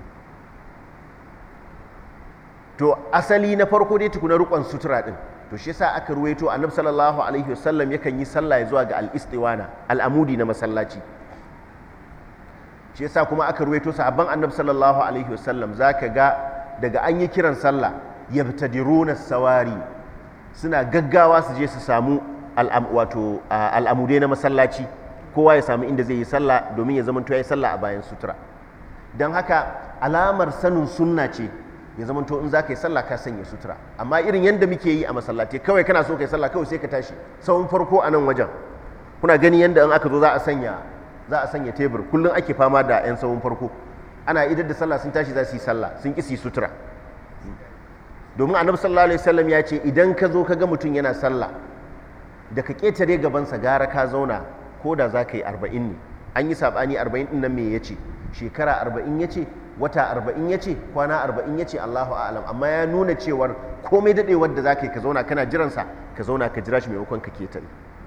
to asali na farko dai tukuna rukon sutura din to shi yasa aka ruwaito annabi sallallahu alaihi wasallam yakan yi sallah zuwa ga al-istiwana al-amudi na masallaci shi yasa kuma aka ruwaito sahabban annabi sallallahu alaihi wasallam zaka ga daga an yi kiran sallah yabtadiruna sawari suna gaggawa su je su samu wato al'amudai na masallaci kowa ya samu inda zai yi sallah domin ya zamanto ya yi sallah a bayan sutura don haka alamar sanin sunna ce ya zamanto in za ka yi sallah ka sanya sutura amma irin yadda muke yi a masallaci kawai kana so ka yi sallah kawai sai ka tashi tsawon farko a nan wajen kuna gani yadda in aka zo za a sanya tebur kullum ake fama da 'yan tsawon farko ana idar da sallah sun tashi za su yi sallah sun ƙi sutura domin annabi sallallahu alaihi wasallam ya ce idan ka zo ka ga mutum yana sallah da ka ƙetare gabansa gara ka zauna ko da za ka yi arba'in ne an yi saɓani arba'in ɗin nan me ya ce shekara arba'in ya ce wata arba'in ya ce kwana arba'in ya ce allahu a'alam amma ya nuna cewar komai daɗewar da za ka yi ka zauna kana jiransa ka zauna ka jira shi maimakon ka ƙetare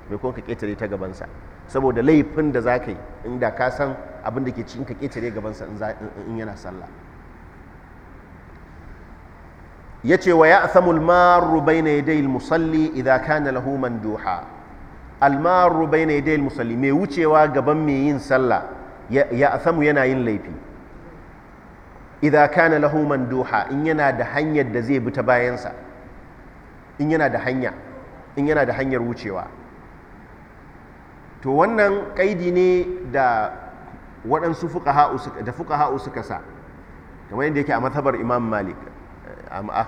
maimakon ka ketare ta gabansa saboda laifin da za ka yi inda ka san abin da ke cikin ka ƙetare gabansa in yana sallah yace wa ya'thamu al-marru bayna yaday musalli idha kana lahu manduha al-marru bayna yaday musalli mai wucewa gaban mai yin sallah ya ya'thamu yana yin laifi idha kana lahu manduha in yana da hanyar da zai bi ta bayansa in yana da hanya in yana da hanyar wucewa to wannan kaidi ne da waɗansu fuka da fuka suka sa kamar yadda yake a mazhabar imam malik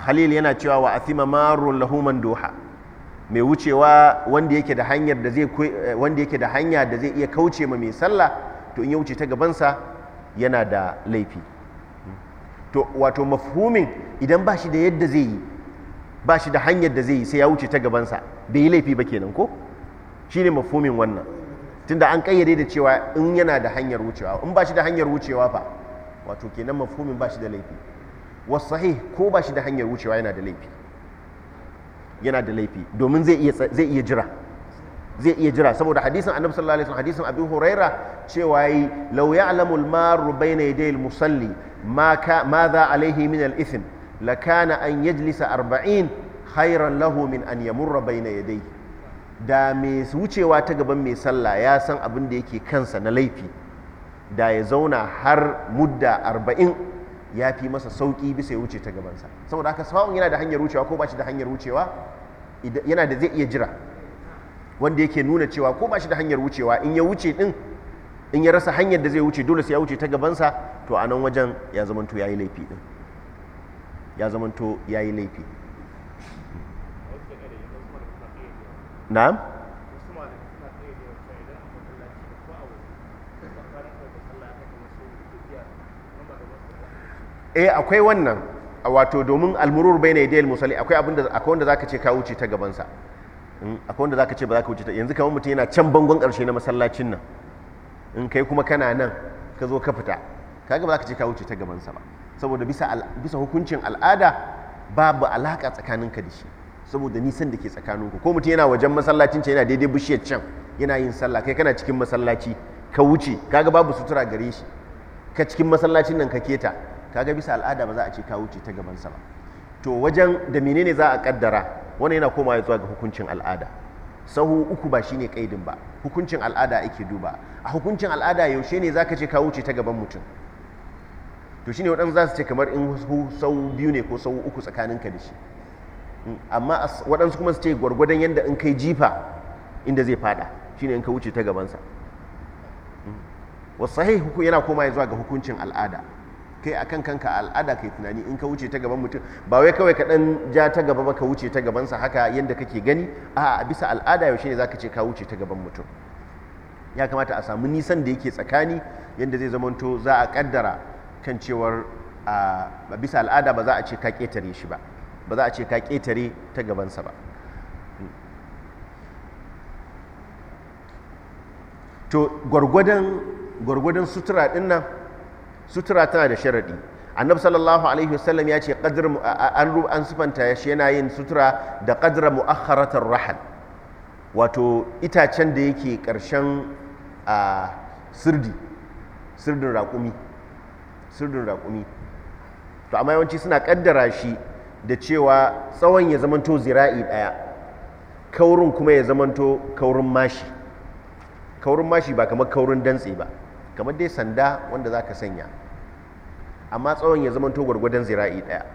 halil yana cewa wa athima marun lahuman doha mai wucewa wanda yake da hanyar da zai eh, wanda yake da hanya da zai iya kauce ma mai sallah to in ya wuce ta gabansa yana da laifi to wato mafhumin idan ba shi da yadda zai yi ba shi da hanyar da zai yi sai ya wuce ta gabansa bai yi laifi ba kenan ko Shi ne mafhumin wannan tunda an kayyade da cewa in yana da hanyar wucewa in ba shi da hanyar wucewa fa wato kenan mafhumin ba shi da laifi wasahih ko ba shi da hanyar wucewa yana da laifi yana da laifi domin zai iya jira zai iya jira saboda hadisin annabi sallallahu alaihi wasallam hadisin abu huraira cewa yi law ya'lamu al-maru bayna yaday musalli ma ka madha alaihi min al-ithm kana an yajlisa 40 khairan lahu min an yamurra bayna yadayhi da mai wucewa ta gaban mai sallah ya san abin da yake kansa na laifi da ya zauna har mudda arba'in ya fi masa sauƙi bisa ya wuce ta gabansa saboda haka sawa'un yana da hanyar wucewa ko ba shi da hanyar wucewa yana da zai iya jira wanda yake nuna cewa ko ba shi da hanyar wucewa in ya wuce din in ya rasa hanyar da zai wuce dole sai ya wuce ta gabansa to a nan wajen ya zamanto ya yi laifi din ya zamanto ya yi laifi na'am eh akwai wannan wato domin almurur bai na yadda musali akwai abin da akwai wanda zaka ce ka wuce ta gabansa hmm, akwai wanda zaka ce ba ka wuce ta yanzu kamar mutum yana can bangon karshe na masallacin nan in kai kuma kana nan ka zo ka fita kaga ba zaka ce ka wuce ta gabansa ba saboda bisa hukuncin al'ada babu alaka tsakaninka da shi saboda nisan da ke tsakaninku ko mutum yana wajen masallacin can yana daidai bishiyar can yana yin sallah kai kana cikin masallaci ka wuce kaga babu sutura gare shi ka cikin masallacin nan ka keta kaga bisa al'ada ba za a ce ka wuce ta gabansa ba to wajen da menene za a kaddara wani yana komawa zuwa ga hukuncin al'ada sahu uku ba shine kaidin ba hukuncin al'ada ake duba a hukuncin al'ada yaushe ne zaka ce ka wuce ta gaban mutum to shine waɗansu za su ce kamar in sau biyu ne ko sau uku tsakaninka da shi hmm, amma waɗansu kuma su ce gwargwadon yadda in kai jifa inda zai fada shine in ka wuce ta gabansa hmm. wasu sahi yana koma zuwa ga hukuncin al'ada kai akan kanka al'ada kai tunani in ka wuce ta gaban mutum ba wai kawai ka dan ja ta gaba ba ka wuce ta gabansa haka yadda kake gani a bisa al'ada yaushe ne zaka ce ka wuce ta gaban mutum ya kamata a samu nisan da yake tsakani yadda zai zamanto za a kaddara kan cewar a bisa al'ada ba za a ce ka ketare shi ba ba za a ce ka ketare ta gabansa ba to gwargwadon sutura din nan sutura tana da sharaɗi. annabi sallallahu alaihi wasallam ya ce qadr an an sufanta ya yana yin sutura da qadra muakharatar rahal wato itacen da yake karshen a sirdi sirdin raƙumi sirdin raƙumi to amma yawanci suna ƙaddara shi da cewa tsawon ya zamanto zira'i ɗaya kaurin kuma ya zamanto kaurin mashi kaurin mashi ba kamar kaurin dantse ba kamar dai sanda wanda za ka sanya amma tsawon ya zamanto gwargwadon zira'i ɗaya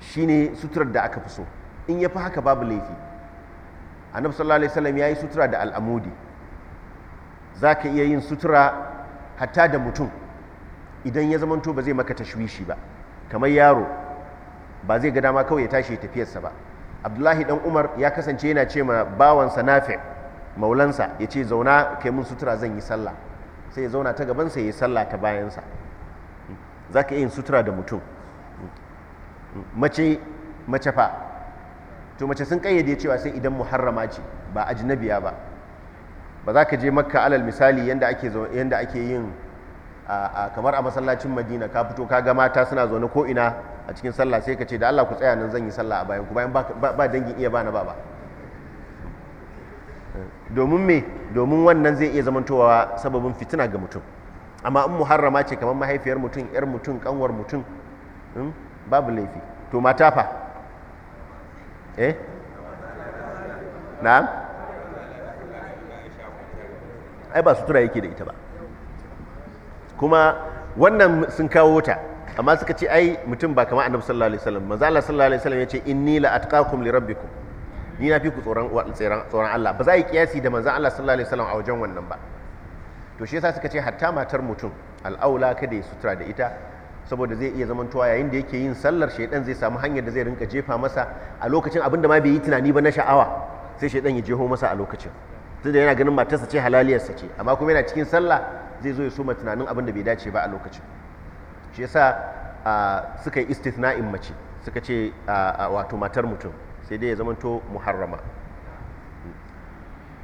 shi ne suturar da aka fi so in ya fi haka babu laifi annabi sallallahu alaihi wasallam ya yi sutura da al'amudi za ka iya yin sutura hatta da mutum idan ya zamanto ba zai maka tashwishi ba kamar yaro ba zai ga dama kawai ya tashi tafiyarsa ba abdullahi dan umar ya kasance yana ce ma bawansa nafi' maulansa ya ce zauna kai mun sutura zan yi sallah sai ya zauna ta gabansa ya yi sallah ta bayansa za ka yin sutura da mutum mace mace fa to mace sun kayyade cewa sai idan muharrama ce ba ajnabiya ba ba za ka je makka alal misali yanda ake yanda ake yin kamar a masallacin madina ka fito ka ga mata suna zaune ko ina a cikin sallah sai ka ce da Allah ku tsaya nan zan yi sallah a bayan ku bayan ba dangin iya bana ba ba domin me domin wannan zai iya zamantowa sababin fitina ga mutum amma in muharrama ce kamar mahaifiyar mutum yar mutum kanwar mutum hmm, babu laifi to mata fa eh na'am ai ba sutura yake da ita ba kuma wannan sun kawo ta amma suka ce ai mutum ba kamar annabi sallallahu alaihi wasallam manzo Allah sallallahu alaihi wasallam yace inni la atqakum li rabbikum ni na fi ku tsoron tsoron Allah ba za a yi kiyasi da manzan Allah sallallahu alaihi wasallam a wajen wannan ba to shi yasa suka ce hatta matar mutum al'aula kada ya sutura da ita saboda zai iya zamantowa yayin da yake yin sallar shaidan zai samu hanyar da zai rinka jefa masa a lokacin abin da ma bai yi tunani ba na sha'awa sai shaidan ya jeho masa a lokacin sai da yana ganin matarsa ce halaliyarsa ce amma kuma yana cikin sallah zai zo ya soma tunanin abin da bai dace ba a lokacin shi yasa ah, suka yi istithna'in mace suka ce ah, ah, wato matar mutum sai dai ya zamanto muharrama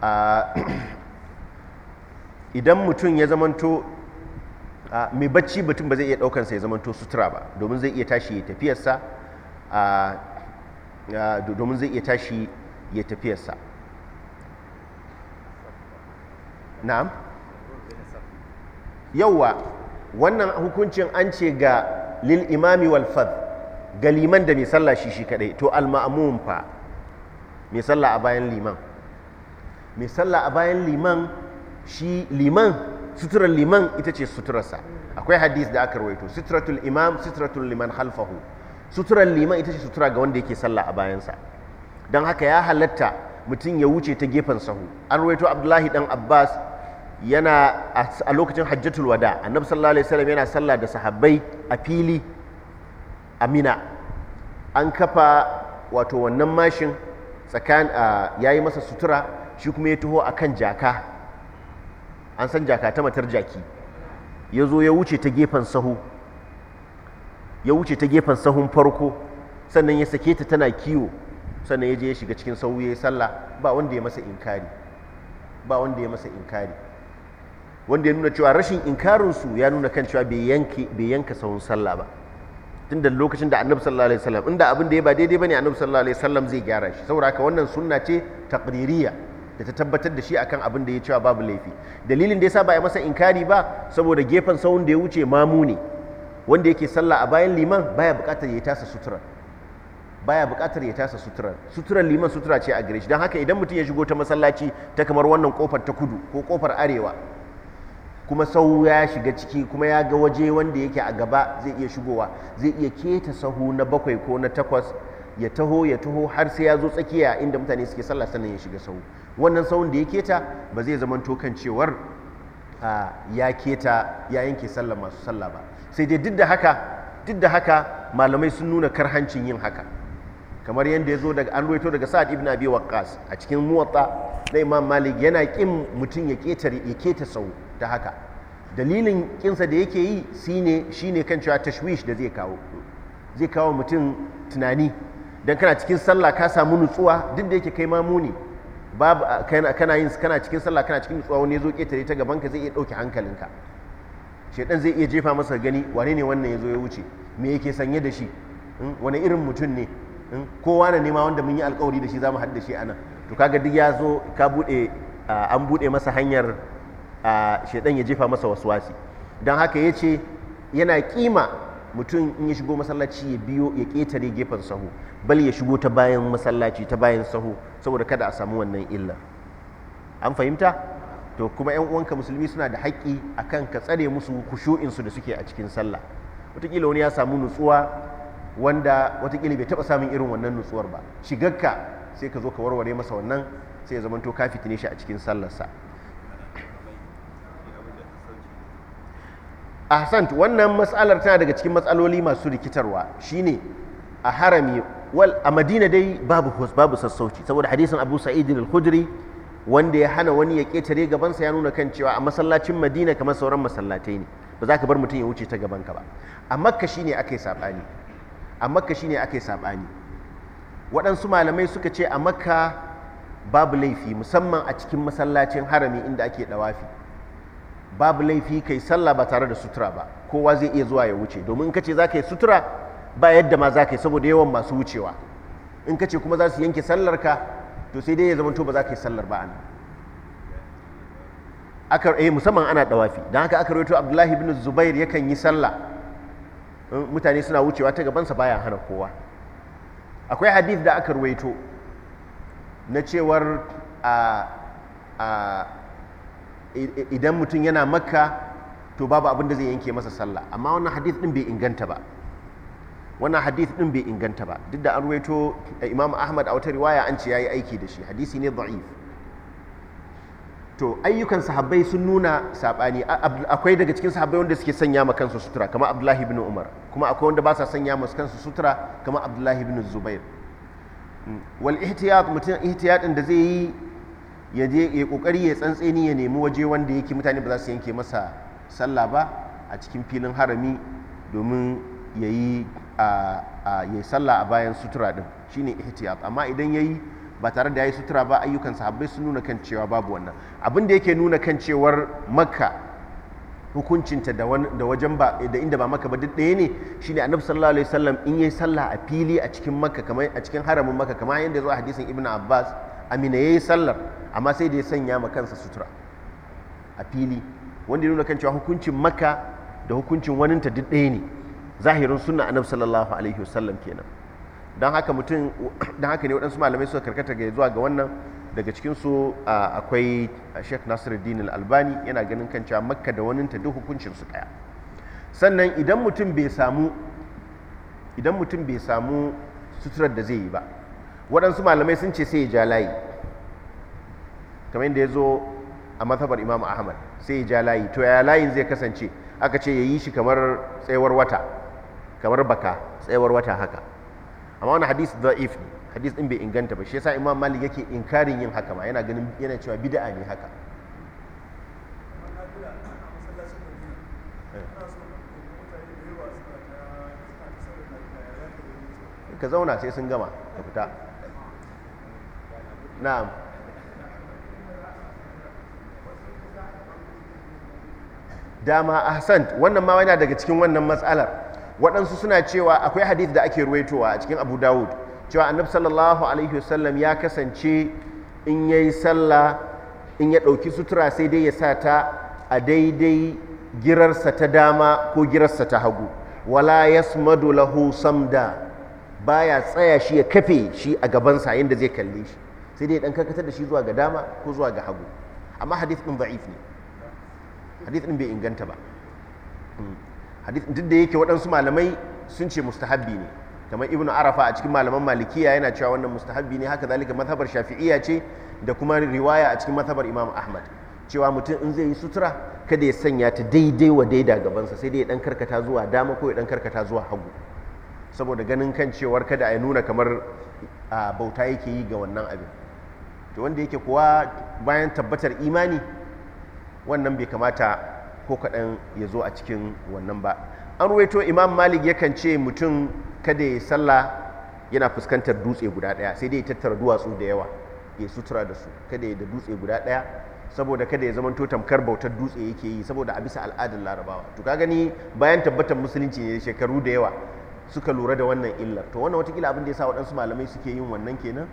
idan mutum ya zamanto mai bacci mutum ba zai iya ɗaukansa ya zamanto sutura ba domin zai iya tashi ya tafiyarsa domin zai iya tashi ya tafiyarsa na'am yauwa wannan hukuncin an ce ga lil imami wal fadl ga liman da mai sallah shi shi kadai to alma'amun fa mai sallah a bayan liman mai sallah a bayan liman shi liman suturar liman ita ce suturarsa akwai hadis da aka rawaito suturatul imam suturatul liman halfahu suturar liman ita ce sutura ga wanda yake sallah a bayansa don haka ya halatta mutum ya wuce ta gefen sahu an rawaito abdullahi dan abbas yana a lokacin hajjatul wada annabi sallallahu alaihi wasallam yana sallah da sahabbai a fili amina an kafa wato wannan mashin tsakan ya yi masa sutura shi kuma ya taho akan kan jaka an san jaka ta matar jaki ya zo ya wuce ta gefen sahu ya wuce ta gefen sahun farko sannan ya sake ta tana kiwo sannan ya je ya shiga cikin sahu ya yi sallah ba wanda ya masa inkari ba wanda ya masa inkari wanda ya nuna cewa rashin inkarinsu ya nuna kan cewa bai yanka sahun sallah ba da lokacin da annabi sallallahu alaihi wasallam inda abin da ya ba daidai bane annabi sallallahu alaihi wasallam zai gyara shi saboda haka wannan sunna ce taqririyya da ta tabbatar da shi akan abin da ya cewa babu laifi dalilin da yasa ba a masa inkari ba saboda gefen sawun da ya wuce mamu ne wanda yake sallah a bayan liman baya buƙatar ya tasa sutura baya buƙatar ya tasa sutura suturar liman sutura ce a gare shi don haka idan mutum ya shigo ta masallaci ta kamar wannan kofar ta kudu ko kofar arewa kuma sau ya shiga ciki kuma ya ga waje wanda yake a gaba zai iya shigowa zai iya keta sahu na bakwai ko na takwas ya taho ya taho har sai ya zo tsakiya inda mutane suke sallah sannan ya shiga sahu wannan sahun da ya keta ba zai zama tokan cewar ya keta ya yanke sallah masu sallah ba sai dai duk da haka malamai sun nuna karhancin yin haka kamar yadda ya zo daga an ruwaito daga sa'ad ibn abi waqqas a cikin muwatta na imam malik yana kin mutum ya keta ya keta sahu ta haka dalilin kinsa da yake yi shine shine kan cewa tashwish da zai kawo zai kawo mutum tunani dan kana cikin sallah ka samu nutsuwa duk da yake kai ma muni babu kana yin kana cikin sallah kana cikin nutsuwa wani ya zo ketare ta gaban ka zai iya dauke hankalinka shedan zai iya jefa masa gani wane ne wannan yazo ya wuce me yake sanye da shi hmm, wani irin mutum ne hmm, kowa na nema wanda mun yi alkawari da shi za mu haɗu da shi anan to kaga duk ya zo ka bude an bude masa hanyar A shaidan ya jefa masa wasu wasi don haka ya ce yana kima mutum in ya shigo masallaci ya biyo ya ketare gefen sahu bal ya shigo ta bayan masallaci ta bayan sahu saboda kada a samu wannan illa an fahimta to kuma yan uwanka musulmi suna da haƙƙi kan ka tsare musu su da suke a cikin sallah wataƙila wani ya samu nutsuwa wanda wataƙila bai taɓa samun irin wannan nutsuwar ba shigarka sai ka zo ka warware masa wannan sai ya zamanto ka fitine shi a cikin sallarsa ahsant wannan matsalar tana daga cikin matsaloli masu rikitarwa shine a harami wal a madina dai babu babu sassauci saboda hadisin abu sa'id al-khudri wanda ya hana wani ya ketare gabansa ya nuna kan cewa a masallacin madina kamar sauran masallatai ne ba za ka bar mutum ya wuce ta gabanka ba a makka shine aka yi saɓani a makka shine aka yi saɓani waɗansu malamai suka ce a makka babu laifi musamman a cikin masallacin harami inda ake ɗawafi babu laifi kai sallah ba tare da sutura ba kowa zai iya zuwa ya wuce domin ka ce za ka yi sutura ba yadda ma za ka yi saboda yawan masu wucewa in ka ce kuma za su yanke sallar ka to sai dai ya zama to ba za ka yi sallar ba ana aka eh musamman ana dawafi dan haka aka rawaito Abdullahi ibn Zubair yakan yi sallah mutane suna wucewa ta gabansa baya hana kowa akwai hadith da aka rawaito na cewar a ah, ah, idan mutum yana makka to babu abin da zai yanke masa sallah amma wannan hadith din bai inganta ba wannan hadith din bai inganta ba duk da an ruwaito eh, imam ahmad a wata riwaya an ce yayi aiki da shi hadisi ne da'if to ayyukan sahabbai sun nuna sabani akwai daga cikin sahabbai wanda suke sanya ma kansu sutura kamar abdullahi ibn umar kuma akwai wanda ba sa sanya ma kansu sutura kamar abdullahi ibn zubair hmm. wal ihtiyat mutum ihtiyatin da zai yi ya je ya kokari ya tsantseni ya nemi waje wanda yake mutane ba za su yanke masa sallah ba a cikin filin harami domin ya yi sallah a bayan sutura din shine ihtiyat amma idan ya yi ba tare da ya yi sutura ba ayyukan sahabbai sun nuna kan cewa babu wannan abin da yake nuna kan cewar makka hukuncinta da wajen ba da inda ba maka ba duk ɗaya ne shine annabi sallallahu alaihi wasallam in yayi sallah a fili a cikin makka kamar a cikin haramin makka kamar yadda zo a hadisin ibnu abbas amina ya yi sallar amma sai da ya sanya ma kansa sutura a fili wanda ya nuna kan cewa hukuncin makka da hukuncin waninta duk ɗaya ne zahirin suna annabi sallallahu alaihi wasallam kenan don haka mutum don haka ne waɗansu malamai suka karkata ga zuwa ga wannan daga cikin su akwai Sheikh Nasiruddin Al-Albani yana ganin kan cewa makka da waninta duk hukuncin su kaya sannan idan mutum bai samu suturar da zai yi ba waɗansu malamai sun ce sai ya ja layi kamar yadda ya zo a mazhabar imamu ahmad sai ya ja layi to ya layin zai kasance aka ce ya yi shi kamar tsayawar wata kamar baka tsayawar wata haka amma wani hadis if ne hadis ɗin bai inganta ba shi yasa imam malik yake inkarin yin haka ma yana ganin yana cewa bida'a ne haka ka zauna sai sun gama ka fita na'am dama Hassan wannan ma yana daga cikin wannan matsalar waɗansu suna cewa akwai hadith da ake ruwaitowa a cikin abu dawud cewa annabi sallallahu alaihi wasallam ya kasance in yayi sallah in ya ɗauki sutura sai dai ya sa ta a daidai girarsa ta dama ko girarsa ta hagu wala yasmadu lahu samda baya tsaya shi ya kafe shi a gabansa yadda zai kalle shi sai dai dan karkatar da shi zuwa ga dama ko zuwa ga hagu amma hadith din da'if ne hadith din bai inganta ba hmm. hadith din da yake waɗansu malamai sun ce mustahabbi ne kamar ibnu arafa a cikin malaman malikiya yana cewa wannan mustahabbi ne haka zalika mazhabar shafi'iyya ce da kuma riwaya a cikin mazhabar imam ahmad cewa mutum in zai yi sutura kada ya sanya ta daidai wa daida gabansa sai dai ya dan karkata zuwa dama ko ya dan karkata zuwa hagu saboda ganin kan cewar kada a nuna kamar bauta yake yi ga wannan abin to wanda yake kuwa bayan tabbatar imani wannan bai kamata ko kaɗan ya zo a cikin wannan ba an ruwaito imam malik yakan ce mutum kada ya sallah yana fuskantar dutse guda ɗaya sai dai ya tattara duwatsu da yawa ya sutura da su kada ya da dutse guda ɗaya saboda kada ya zamanto tamkar bautar dutse yake yi saboda a bisa al'adar larabawa to ka gani bayan tabbatar musulunci ne shekaru da yawa suka lura da wannan illar to wannan watakila abin da ya sa waɗansu malamai suke yin wannan kenan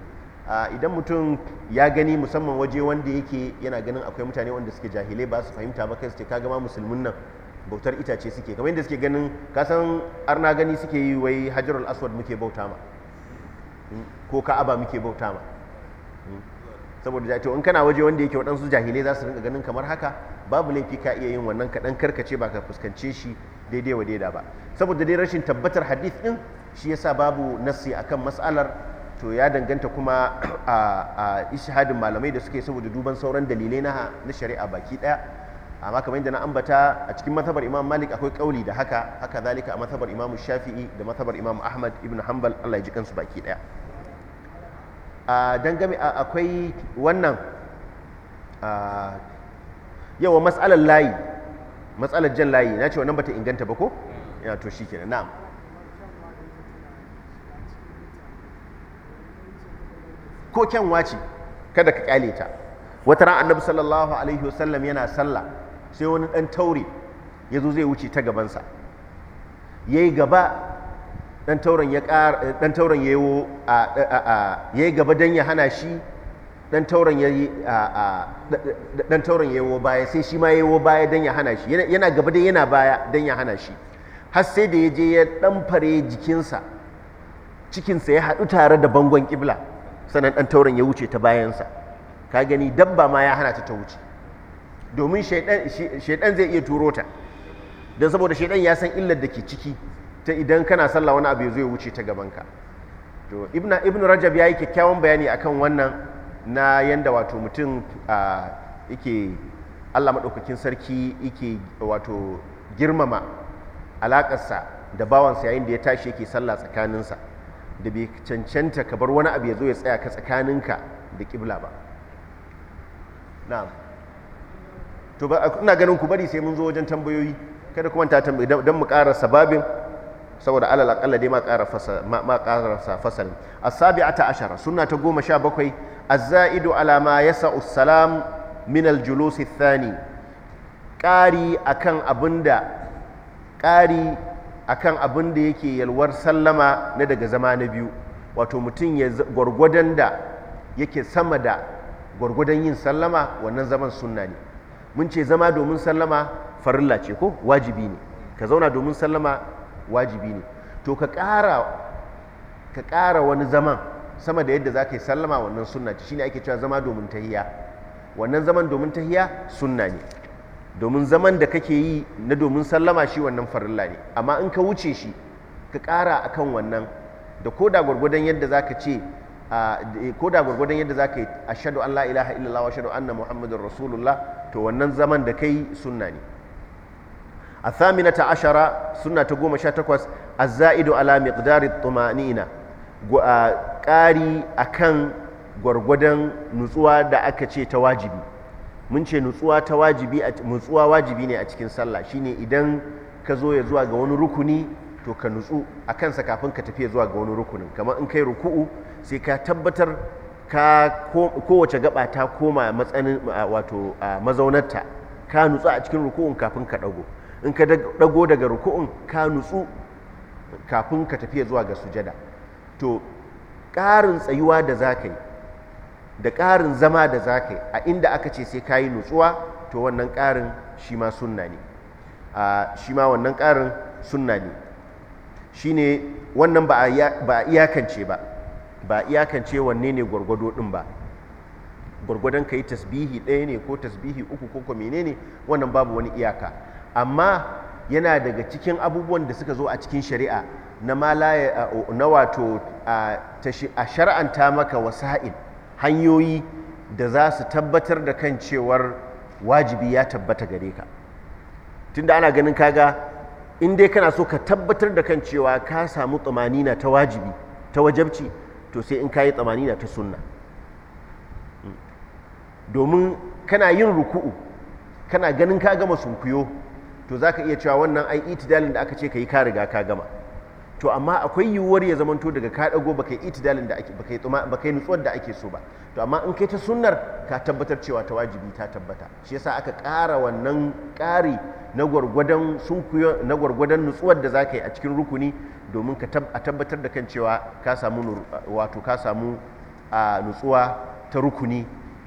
idan mutum ya gani musamman waje wanda yake yana ganin akwai mutane wanda suke jahilai ba su fahimta ba kai su ce ka gama musulmin nan bautar itace suke kamar yadda suke ganin kasan arna gani suke yi wai hajarul aswad muke bauta ma hmm, ko ka'aba muke bauta ma hmm. saboda ja to in kana waje wanda yake waɗansu jahilai za su rinka ganin kamar haka babu laifi ka iya yin wannan kaɗan karkace ba ka fuskance shi daidai wa daida ba saboda dai rashin tabbatar hadith ɗin shi yasa babu nassi akan mas'alar to ya danganta kuma a ishihadin malamai da suke saboda duban sauran dalilai na shari'a baki daya amma kamar yadda na ambata a cikin mazhabar imam malik akwai kauli da haka haka zalika a mazhabar imam shafi'i da mazhabar imam ahmad ibn hanbal allah ya ji kansu baki daya a gami akwai wannan yawa matsalar layi matsalar jan layi na ce wannan bata inganta ba ko ya to shi kenan na'am ko kyanwa ce kada ka kyale ta wata ran annabi sallallahu alaihi wasallam yana sallah sai wani dan taure ya zo zai wuce ta gabansa ya yi gaba dan tauren ya dan tauren ya yi gaba dan ya hana shi dan tauren ya yi dan tauren baya sai shi ma ya yi baya dan ya hana shi yana gaba dan yana baya dan ya hana shi har sai da ya je ya dan fare jikinsa cikinsa ya haɗu tare da bangon kibla sannan ɗan tauren ya wuce ta bayansa ka gani dabba ma ya hana ta ta wuce domin shaidan zai iya turo ta don saboda shaidan ya san illar da ke ciki ta idan kana sallah wani abu ya zo ya wuce ta gabanka to ibn rajab ya yi kyakkyawan bayani akan wannan na yanda wato mutum yake allah maɗaukakin sarki yake wato girmama sa da bawansa yayin da ya tashi yake sallah tsakaninsa da bai cancanta ka bar wani abu ya zo ya tsaya ka tsakaninka da ƙibla ba to ba ina ganin ku bari sai mun zo wajen tambayoyi kada kuma ta tambayi don mu ƙara sababin saboda alal akalla dai ma ƙara fasa ma ƙara fasalin as-sabi'ata ashara sunna ta goma sha bakwai az-za'idu ala ma yasa'u salam min al-julus ath-thani ƙari akan abinda ƙari akan abin da yake yalwar sallama na daga zama na biyu wato mutum ya gwargwadon da yake sama da gwargwadon yin sallama wannan zaman sunna ne mun ce zama domin sallama farilla ce ko wajibi ne ka zauna domin sallama wajibi ne to ka ƙara wani zaman sama da yadda za ka yi sallama wannan sunna ce shine ake cewa zama domin tahiya wannan zaman domin tahiya sunna ne domin zaman da kake yi na domin sallama shi wannan farilla ne amma in ka wuce shi ka ƙara a kan wannan da koda gwargwadon yadda za ka ce koda gwargwadon yadda za ka yi a an Allah ilaha illallah wa ashadu anna muhammadun rasulullah to wannan zaman da kai sunna ne a ta ashara sunna ta goma sha takwas a azza'idu ala miqdari tumanina ƙari a kan gwargwadon nutsuwa da aka ce ta wajibi mun ce nutsuwa ta wajibi nutsuwa wajibi ne a cikin sallah shine idan ka zo ya zuwa ga wani rukuni to ka nutsu a kansa kafin ka tafi zuwa ga wani rukunin kamar in kai ruku'u sai ka tabbatar ka kowace gaba ta koma matsanin wato mazaunarta ka nutsu a cikin ruku'un kafin ka dago in ka dago daga ruku'un ka nutsu kafin ka tafi zuwa ga sujada to ƙarin tsayuwa da za ka yi da ƙarin zama da za ka yi a inda aka ce sai ka yi nutsuwa to wannan ƙarin shi ma sunna ne shi ma wannan ƙarin sunna ne shi ne wannan ba a iyakance ba ba a iyakance wanne ne gwargwado ɗin ba gwargwadon ka yi tasbihi ɗaya ne ko tasbihi uku ko ne menene wannan babu wani iyaka amma yana daga cikin abubuwan da suka zo a cikin shari'a na wato a shar'anta maka wasa'il hanyoyi da za su tabbatar da kan cewar wajibi ya tabbata gare ka tunda ana ganin kaga in dai kana so ka tabbatar da kan cewa ka samu tsamanina ta wajibi ta wajabci to sai in ka yi tsamanina ta sunna domin kana yin ruku'u kana ganin ka gama sunkuyo to za ka iya cewa wannan ai itidalin da aka ce ka yi ka riga ka gama to amma akwai yiwuwar ya zamanto daga ka dago baka yi itidalin da ake baka baka nutsuwar da ake so ba to amma in kai ta sunnar ka tabbatar cewa ta wajibi ta tabbata shi yasa aka ƙara wannan ƙari na gwargwadon sunkuyo na gwargwadon nutsuwar da zaka yi a cikin rukuni domin ka tabbatar da kan cewa ka samu wato ka samu nutsuwa ta rukuni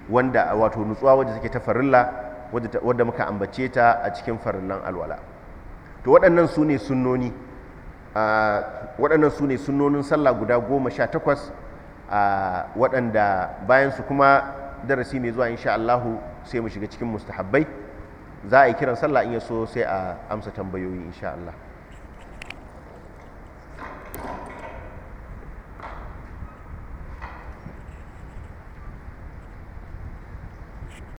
wanda wato nutsuwa wadda take ta farilla wadda muka ambace ta a cikin farillan alwala to waɗannan su ne sunnoni waɗannan su ne sunonin sallah guda goma sha takwas waɗanda bayansu kuma darasi mai zuwa insha Allahu sai mu shiga cikin mustahabbai za a yi kiran sallah in ya so sai a amsa tambayoyi insha Allah